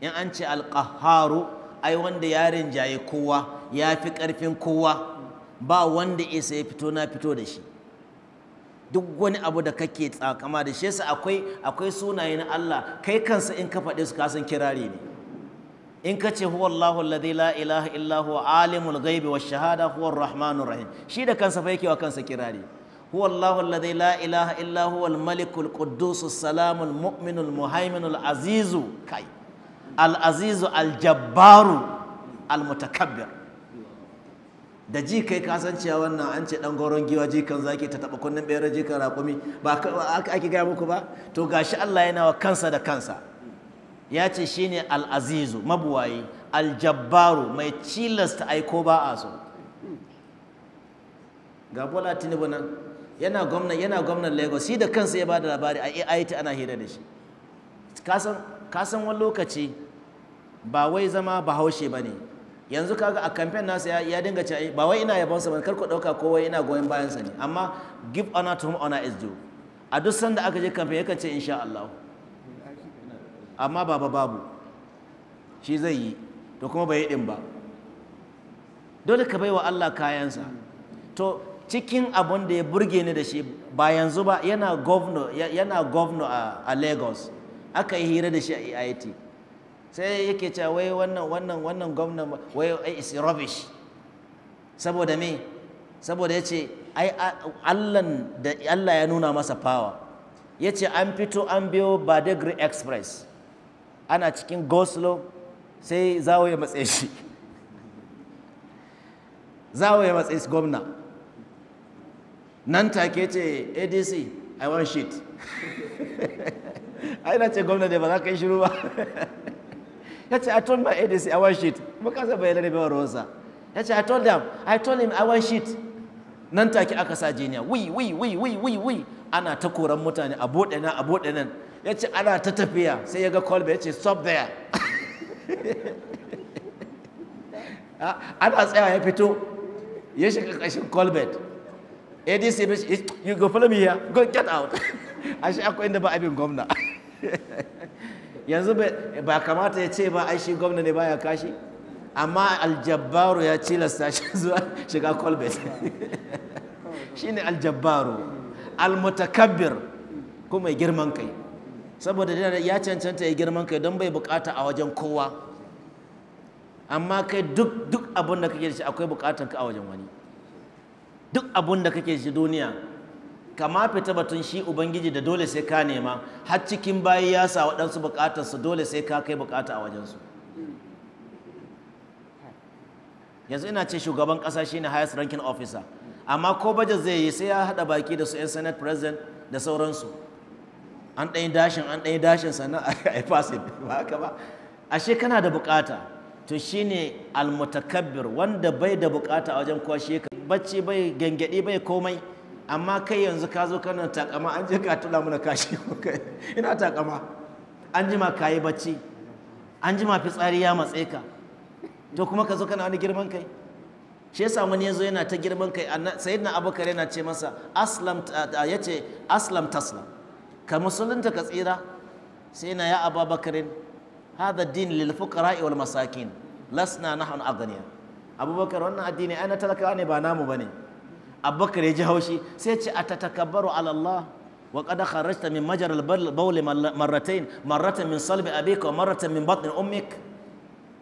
in an ce alƙaharu ai wanda ya rinjaye kowa ya fi ƙarfin kowa ba wanda isa ya fito na fito da shi duk wani abu da kake tsakama da shi yasa akwai akwai sunaye na Allah kai kansa in ka faɗe su ka san kirari ne in ka ce huwa Allahu la ilaha illa huwa alimul ghaibi wash shahada huwa arrahmanur rahim shi da kansa fa yake wa kansa kirari huwa Allahu la ilaha illa huwa al malikul quddus salamul mu'minul muhaiminul azizu kai al azizu al jabbaru al mutakabbir da ji kai cewa wannan an ce dan goron giwa jikan zaki ta taba kunnan bayar jikan raƙumi ba ake gaya muku ba to gashi Allah yana wa kansa da kansa ya ce shine al-azizu mabuwayi al-jabbaru mai cilasta aiko ba a so ga Bola Tinubu nan yana gwamnan yana gwamnan Lagos shi da kansa ya bada labari a AIT ana hira da shi kasan kasan wani lokaci ba wai zama bahaushe bane yanzu kaga a kamfen nasa ya dinga cewa eh, ba wai ina yabonsa ba kar ku dauka ko wai ina goyon sa ne amma give honor to whom honor is due a duk sanda aka je kamfen yakan ce insha Allah amma baba babu shi zai yi to kuma bai din ba dole ka baiwa Allah kayansa to cikin abun da ya burge ni da shi ba yanzu ba yana governor yana governor a, a Lagos aka yi hira da shi a e IIT sai yake cewa wai wannan wannan wannan gwamna wai ai is rubbish saboda me saboda yace ai Allah da Allah ya nuna masa power yace an fito an biyo Badegry Express ana cikin goslo sai zawo ya matse shi zawo ya matse gwamna nan take ce ADC I want shit ai na ce gwamna da ba za ka yi shiru ba ya ce I told my ADC I want shit kuma kasa bai larabe wa rosa ya ce I told them I told him I want shit nan take aka sa jiniya wi wi wi wi wi wi ana ta koran mutane a buɗe nan a buɗe nan ya ce ana ta tafiya sai ya ga kolbe ya ce stop there ah, ana tsaya ya fito ya shiga ƙashin colbert adc you go follow me here go get out ashe akwai inda ba abin gwamna yanzu ba kamata ya ce ba Aishi gwamna ne baya kashi amma aljabbaru ya ci shi zuwa shiga colbert ne aljabbaru almutakabbir kuma mai girman kai saboda ya cancanta ya girman kai don bai bukata a wajen kowa amma kai duk duk abin da kake da shi akwai bukatan ka a wajen wani duk abin da kake da shi duniya kama fita batun shi ubangiji da dole sai ka nema har cikin bayi ya sa waɗansu buƙatarsu dole sai ka kai buƙata a wajensu yanzu ina ce shugaban ƙasa shine highest ranking officer amma ko baje zai yi sai ya haɗa baki da su 'yan senate president da sauransu an ɗanyi dashin an ɗanyi dashin sannan a yi fasi ba haka ba ashe kana da bukata to shine almutakabbir wanda bai da bukata a wajen kuwa shi bacci bai gangadi bai komai amma kai yanzu ka zo kana takama an je ka tula mana kashi kai ina takama an ma kayi bacci an jima fitsari ya matse ka to kuma ka zo kana wani girman kai shi yasa wani yazo yana ta girman kai sayyidina abubakar yana ce masa aslam yace aslam taslam ka musulunta ka tsira sai na ya ababakarin hada din lil fuqara wal masakin lasna nahnu aghniya abubakar wannan addini ai na talakawa ne ba namu bane abubakar ya ji haushi sai ce a tatakabbaru ala wa qad kharajta min al marratayn marratan min salbi abika wa marratan min batn ummik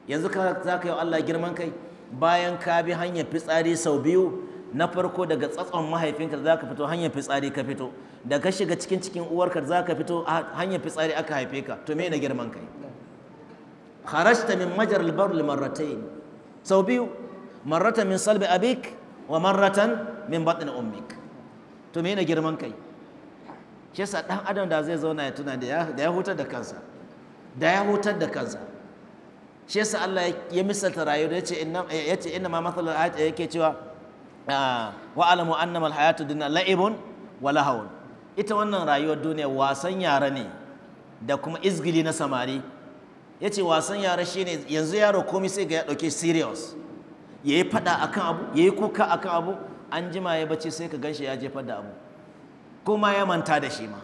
yanzu ka zaka yi Allah girman kai bayan ka bi hanyar fitsari sau biyu na farko daga tsatson mahaifinka da zaka fito hanyar fitsari ka fito da ka shiga cikin cikin uwarka zaka fito hanyar fitsari aka haife ka to me na girman kai kharajta min al marratayn sau biyu marratan min salbi abik wa marratan min batn ummik to me ne girman kai shi yasa dan adam da zai zauna ya tuna da ya hutar da kansa da ya hutar da kansa shi yasa Allah ya misalta rayuwa yace inna yace inna ma mathalan ayat yake cewa ah, wa alamu annama alhayatu dunya la'ibun wa lahawun ita wannan rayuwar duniya wasan yara ne da kuma izgili na samari yace wasan yara shine yanzu yaro komai sai ga ya dauke serious yayi fada akan abu yayi kuka akan abu an jima ya bacci sai ka gan shi ya jefar da abu kuma ya manta da shi ma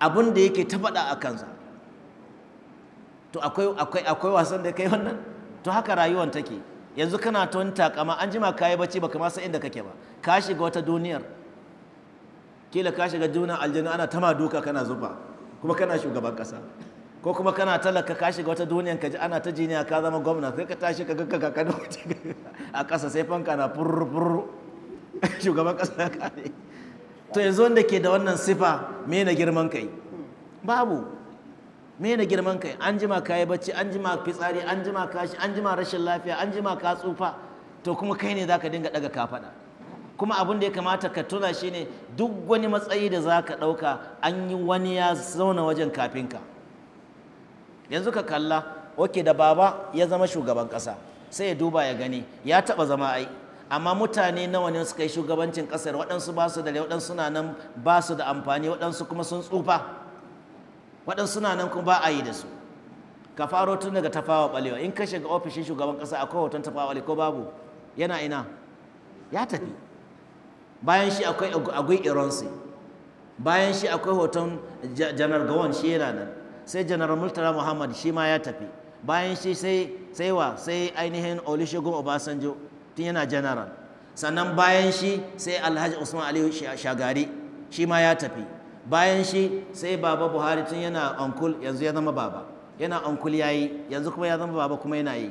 abun da yake ta faɗa a kansa to akwai akwai akwai wasan da kai wannan to haka rayuwar take yanzu kana ta takama an jima ka yi bacci baka ma san inda kake ba ka shiga wata duniyar kila ka shiga juna aljanna ana tama duka kana zufa kuma kana shugaban kasa ko kuma kana talaka ka shiga wata duniyar ka ji ana ta jiniya ka zama gwamna sai ka tashi ka ga ka a kasa sai fanka na furfur shugaban ƙasa kare to yanzu wanda ke da wannan sifa me na girman kai babu me na girman kai an jima ka yi bacci an jima fitsari an jima kashi an jima rashin lafiya an jima ka tsufa to kuma kai ne zaka dinga daga kafaɗa kuma abin da ya kamata ka tuna shine duk wani matsayi da za ka ɗauka an yi wani ya zauna wajen kafin ka yanzu ka kalla oke da baba ya zama shugaban ƙasa sai ya duba ya gani ya taba zama ai amma mutane nawa ne suka yi shugabancin kasar waɗansu ba su da waɗansu na nan ba su da amfani waɗansu kuma sun tsufa waɗansu na nan kuma ba a yi da su ka faro tun daga tafawa ɓalewa in ka shiga ofishin shugaban ƙasa akwai hoton tafawa ɓalewa ko babu yana ina ya tafi bayan shi akwai agui ironsi bayan shi akwai hoton janar gawon shi yana nan sai janar murtala muhammad shi ma ya tafi bayan shi sai wa sai ainihin olusegun obasanjo tun yana general sannan bayan shi sai alhaji usman aliyu shagari shi ma ya tafi bayan shi sai baba buhari tun yana uncle yanzu ya zama baba yana uncle ya yi yanzu kuma ya zama baba kuma yana yi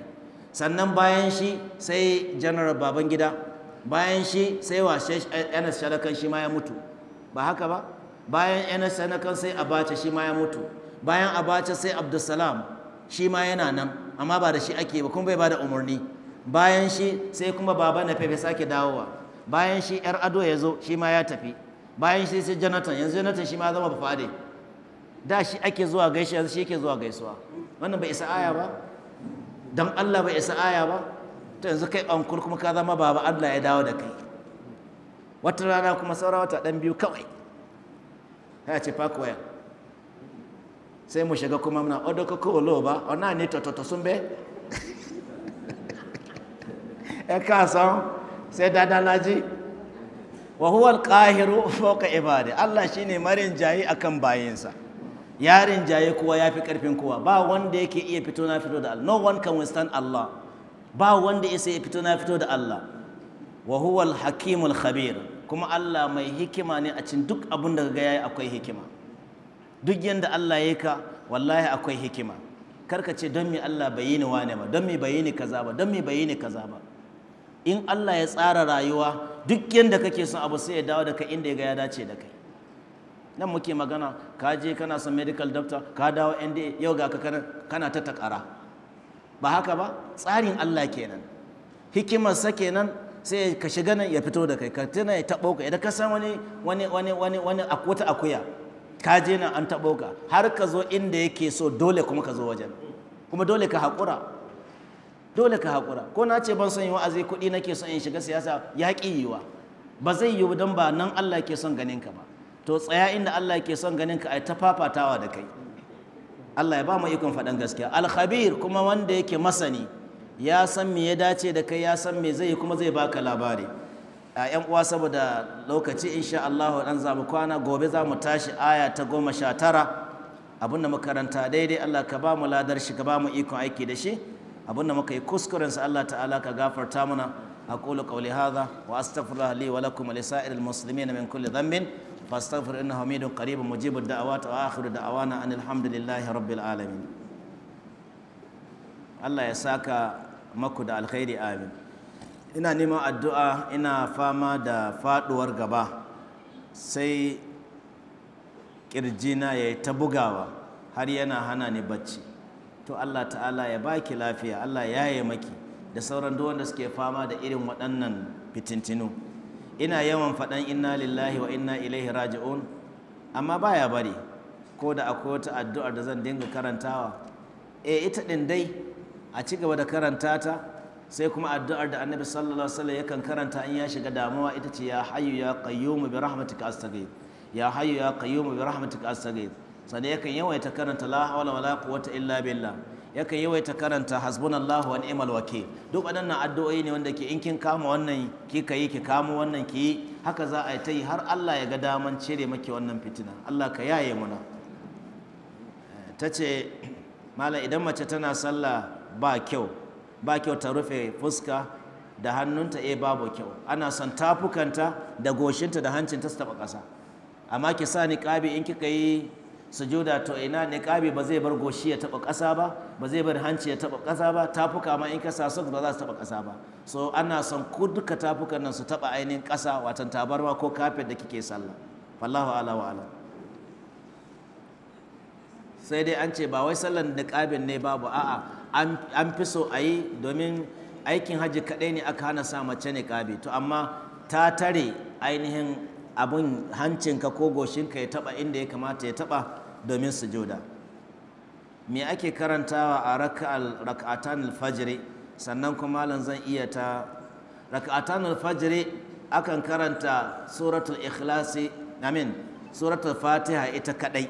sannan bayan shi sai general baban gida bayan shi sai wa enes eh, shalakan shi ma ya mutu ba haka ba bayan enes shalakan sai abacha shi ma ya mutu bayan abacha sai abdulsalam shi ma yana nan amma ba da shi ake ba kuma bai ba da umarni bayan shi sai kuma baba na fefe sake dawowa bayan shi yar ado ya zo shi ma ya tafi bayan shi sai jonathan yanzu jonathan shi ma zama ba fade da shi ake zuwa gaishe yanzu shi ke zuwa gaisuwa wannan bai isa aya ba dan allah bai isa aya ba to yanzu kai ankur kuma ka zama baba allah ya dawo da kai wata rana kuma saura wata dan biyu kawai ya ce park waya sai mu shiga kuma muna odoko ko ba ona ni tototo bai. ẹ sai ṣe dáadáa lájí wa huwa al ibadi Allah shine marin jayi akan bayinsa yarin jayi kuwa ya fi ƙarfin kowa ba wanda yake iya fito na fito da Allah no one can withstand Allah ba wanda ya sai fito na fito da Allah wa al-hakimul khabir kuma Allah mai hikima ne a cikin duk abin da ga yayi akwai hikima duk yanda Allah yi ka wallahi akwai hikima ka ce don mi Allah bai yi ni wane ba don mi bai yi ni kaza ba don mi bai yi ni kaza ba in Allah ya tsara rayuwa duk yadda kake son abu sai ya dawo da kai inda ya ga ya dace da kai nan muke magana ka je kana son medical doctor ka dawo NDA yau ga ka kana ta takara ba haka ba tsarin Allah kenan hikimarsa kenan sai ka shiga nan ya fito da kai ka tana ya taɓo ka idan ka san wani wani wani wani wani akwata akuya ka je nan an taɓo ka har ka zo inda yake so dole kuma ka zo wajen kuma dole ka haƙura dole ka haƙura ko na ce ban son yi wa'azi kuɗi nake son in shiga siyasa ya ƙi wa. ba zai yiwu don ba nan Allah ke son ganin ka ba to tsaya inda Allah ke son ganin ka ai ta fafatawa da kai Allah ya ba mu ikon faɗan gaskiya alkhabir kuma wanda yake masani ya san me ya dace da kai ya san me zai yi kuma zai baka labari a yan uwa saboda lokaci insha Allah dan za mu kwana gobe za mu tashi aya ta goma sha tara abinda makaranta daidai Allah ka ba mu ladar shi ka ba mu ikon aiki da shi abinda muka yi kuskuren sa Allah ta'ala ka gafarta mana kula qawli hadha wa astaghfirullah li wa lakum wa lisa'iril muslimin min kulli dhanbin fastaghfir innahu hamidun qaribun mujibud da'awat wa akhiru da'wana anil hamdulillahi rabbil alamin Allah ya saka maku da alkhairi amin ina neman addu'a ina fama da faduwar gaba sai kirjina ya yi ta bugawa har yana hana ni bacci to Allah ta'ala ya baki lafiya Allah ya yi maki da sauran duk wanda suke fama da irin waɗannan fitintinu ina yawan faɗan inna lillahi wa inna ilaihi raji'un amma baya bari ko da akwai wata addu'ar da zan dinga karantawa eh ita ɗin dai a ci gaba da karanta ta sai kuma addu'ar da annabi sallallahu alaihi wasallam yakan karanta in ya shiga damuwa ita ce ya hayyu ya qayyum bi rahmatika astaghith ya hayyu ya bi rahmatika astaghith Sani yakan yawaita karanta la hawla wala quwwata illa billah yakan yawaita karanta hasbunallahu wa ni'mal wakeel duk waɗannan addu'o'i ne wanda ke in kin kama wannan ki yi ki kama wannan ki haka za a yi ta har Allah ya ga daman cire maki wannan fitina Allah ka yaye muna ta ce mala idan mace tana sallah ba kyau ba kyau ta rufe fuska da hannunta eh babu kyau ana son tafukanta da goshinta da hancinta su taɓa ƙasa amma ki sa ni niƙabi in kika yi sujuda to ina niqabi ba zai bar goshi ya taba ƙasa ba ba zai bar hanci ya taba ƙasa ba tafuka ma in ka sa su ba za su taba ƙasa ba so ana son ku duka tafukan nan su taba ainihin kasa watan tabarma ko kafet da kike sallah wallahu ala wa ala sai dai an ce ba wai sallan niqabin ne babu a'a an fi so a yi domin aikin hajji kaɗai ne aka hana sa mace niqabi to amma ta tare ainihin abin hancinka ko goshinka ya taba inda ya kamata ya taba domin sujuda me ake karantawa a raka'atan alfajiri sannan kuma malam zan iya ta raka'atan alfajiri akan karanta suratul ikhlasi amin suratul fatiha ita kadai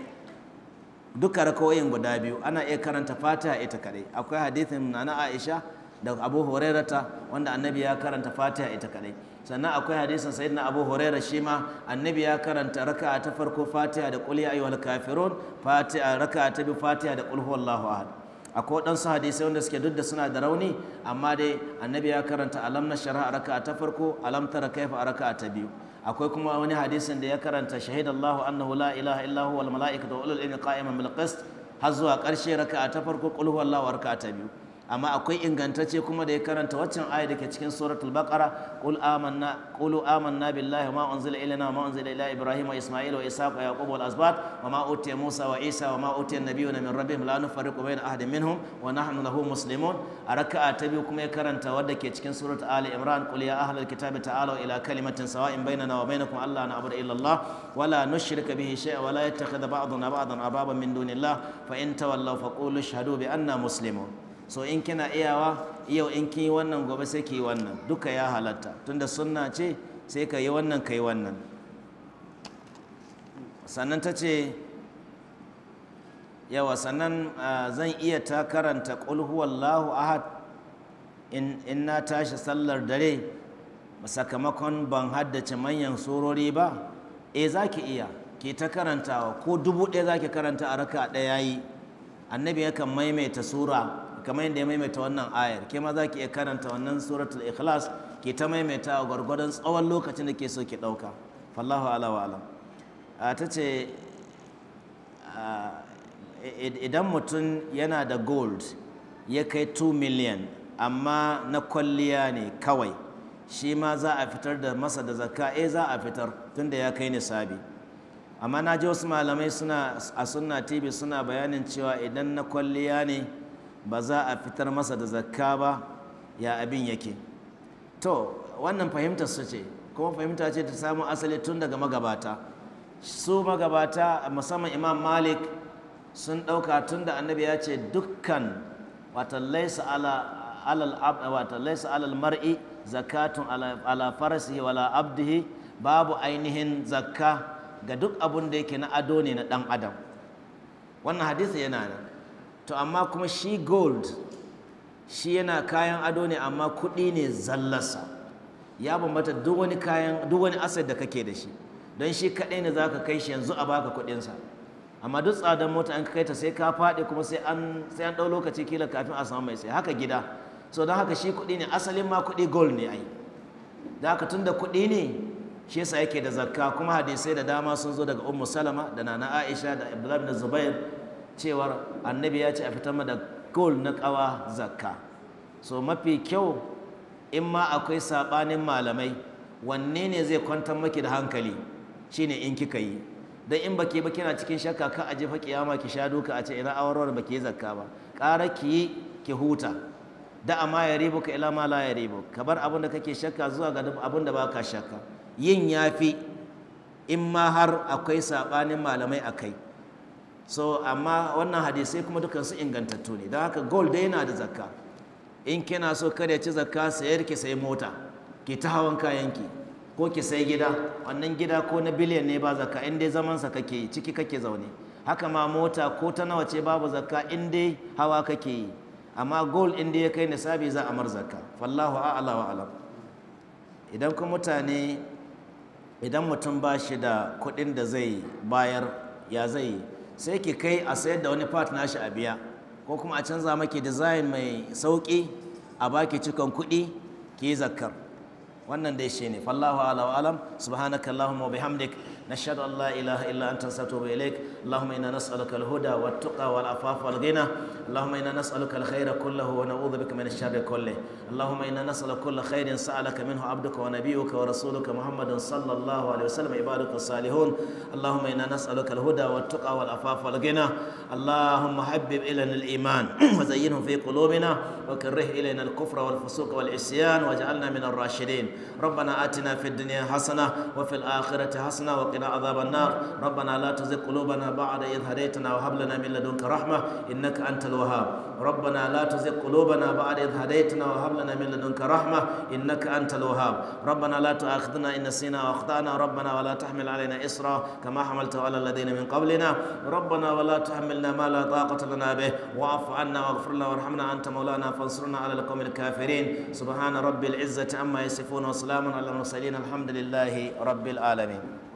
duka rakawoyin guda biyu ana iya karanta fatiha ita kadai akwai hadithin na Aisha da Abu Hurairata wanda annabi ya karanta fatiha ita kadai sannan akwai hadisin na abu huraira shi ma annabi ya karanta raka'a ta farko fatiha da qul ya ayyuhal kafirun fatiha raka'a ta bi fatiha da qul wallahu ahad akwai waɗansu hadisai wanda suke duk da suna da rauni amma dai annabi ya karanta alam na shara raka ta farko alam tara kaifa a raka'a ta biyu akwai kuma wani hadisin da ya karanta shahidallahu annahu la ilaha illa huwal malaikatu wa ulul ilmi qa'iman bil qist har zuwa ƙarshe raka'a ta farko qul huwallahu raka'a ta biyu amma akwai ingantacce kuma da ya karanta waccan aya da ke cikin suratul baqara qul amanna qulu amanna billahi ma unzila ilaina ma unzila ila ibrahim wa isma'il wa isaq wa yaqub wal asbat wa ma utiya musa wa isa wa ma utiya nabiyuna min rabbihim la nufarriqu bayna ahadin minhum wa nahnu lahu muslimun a raka'a ta biyu kuma ya karanta wadda ke cikin suratul ali imran qul ya ahlal kitabi ta'alu ila kalimatin sawa'in bainana wa bainakum alla na'budu illa allah wa la nushrika bihi shay'a wa la yattakhidha ba'duna ba'dan ababan min dunillah fa in tawallaw faqulu ashhadu bi anna muslimun so in kina iyawa yau in kin wannan gobe sai ki wannan duka ya halatta tunda sunna ce sai ka yi wannan ka yi wannan sannan ta ce yawa sannan zan iya ta karanta ƙulhuwallahu ahad in na tashi sallar dare sakamakon ban haddace manyan surori ba e za ki iya ke ta karantawa ko dubu ɗaya za ki karanta a raka ɗaya yi annabi yakan maimaita sura kamar yadda ya maimaita wannan ayar ke ma za ki iya karanta wannan suratul ikhlas ki ta maimaita a gwargwadon tsawon lokacin da ke so ki ɗauka fallahu ala wa alam ta ce idan mutum yana da gold ya kai 2 million amma na kwalliya ne kawai shi ma za a fitar da masa da zakka e za a fitar tunda ya kai nisabi amma na ji wasu malamai suna a sunna tv suna bayanin cewa idan na kwalliya ne ba za a fitar masa da zakka ba ya abin yake to wannan fahimtar su ce kuma fahimta ce ta samu asali tun daga magabata su magabata musamman imam malik sun ɗauka tun da annabi ya ce dukkan wata laisa alal mar'i zakatun ala farasihi wala abdihi babu ainihin zakka ga duk abun da yake na ado ne na ɗan adam wannan hadisi yana nan to amma kuma shi gold shi yana kayan ado ne amma kuɗi ne zallarsa ya bambata duk wani kayan duk wani asar da kake da shi don shi kaɗai ne za ka kai shi yanzu a baka kuɗinsa amma duk tsadar mota an kai ta sai ka faɗi kuma sai an sai an ɗau lokaci kila kafin a samu mai sai haka gida so don haka shi kuɗi ne asalin ma kuɗi gold ne ai da haka tun da kuɗi ne shi yasa yake da zakka kuma hadisai da dama sun zo daga ummu salama da nana aisha da abdullahi da zubair cewar annabi ya ce a fitar da gol na kawa zakka so mafi kyau in ma akwai sabanin malamai wanne ne zai kwantar maki da hankali shine in kika yi dan in baki ba kina cikin shakka ka aje fa kiyama ki sha duka a ce ina awarwar baki zakka ba ƙara ki ki huta da amma ya ribo ka ila ma la ya ribo ka bar abin da kake shakka zuwa ga abin da baka shakka yin yafi in ma har akwai sabanin malamai akai so amma wannan hadisai kuma dukkan su ingantattu ne don haka gold dai yana da zakka in kina so kada ci zakka sayar ki sai mota ki ta hawan kayanki ko ki sai gida wannan gida ko na biliyan ne ba zakka in dai zaman sa kake yi ciki kake zaune haka ma mota ko ta nawa ce babu zakka in dai hawa kake yi amma gold in dai ya kai nisabi za a mar zakka fallahu a'ala wa alam idan kuma mutane idan mutum ba shi da kuɗin da zai bayar ya zai sai ki kai a sayar da wani part nashi a biya ko kuma a canza maki design mai sauki a baki cikon kuɗi ki zakkar wannan dai ne fallahu ala alam subhanakallahumma wa bihamdik نشهد أن لا إله إلا أنت نستوب إليك اللهم إنا نسألك الهدى والتقى والعفاف والغنى اللهم إنا نسألك الخير كله ونعوذ بك من الشر كله اللهم إنا نسألك كل خير سألك منه عبدك ونبيك ورسولك محمد صلى الله عليه وسلم عبادك الصالحون اللهم إنا نسألك الهدى والتقى والعفاف والغنى اللهم حبب إلينا الإيمان وزينه في قلوبنا وكره إلينا الكفر والفسوق والعصيان واجعلنا من الراشدين ربنا آتنا في الدنيا حسنة وفي الآخرة حسنة وقنا وقنا عذاب النار ربنا لا تزغ قلوبنا بعد إذ هديتنا وهب لنا من لدنك رحمة إنك أنت الوهاب ربنا لا تزغ قلوبنا بعد إذ هديتنا وهب لنا من لدنك رحمة إنك أنت الوهاب ربنا لا تؤاخذنا إن نسينا وأخطأنا ربنا ولا تحمل علينا إصرا كما حملت على الذين من قبلنا ربنا ولا تحملنا ما لا طاقة لنا به واعف عنا واغفر لنا وارحمنا أنت مولانا فانصرنا على القوم الكافرين سبحان رب العزة عما يصفون وسلام على المرسلين الحمد لله رب العالمين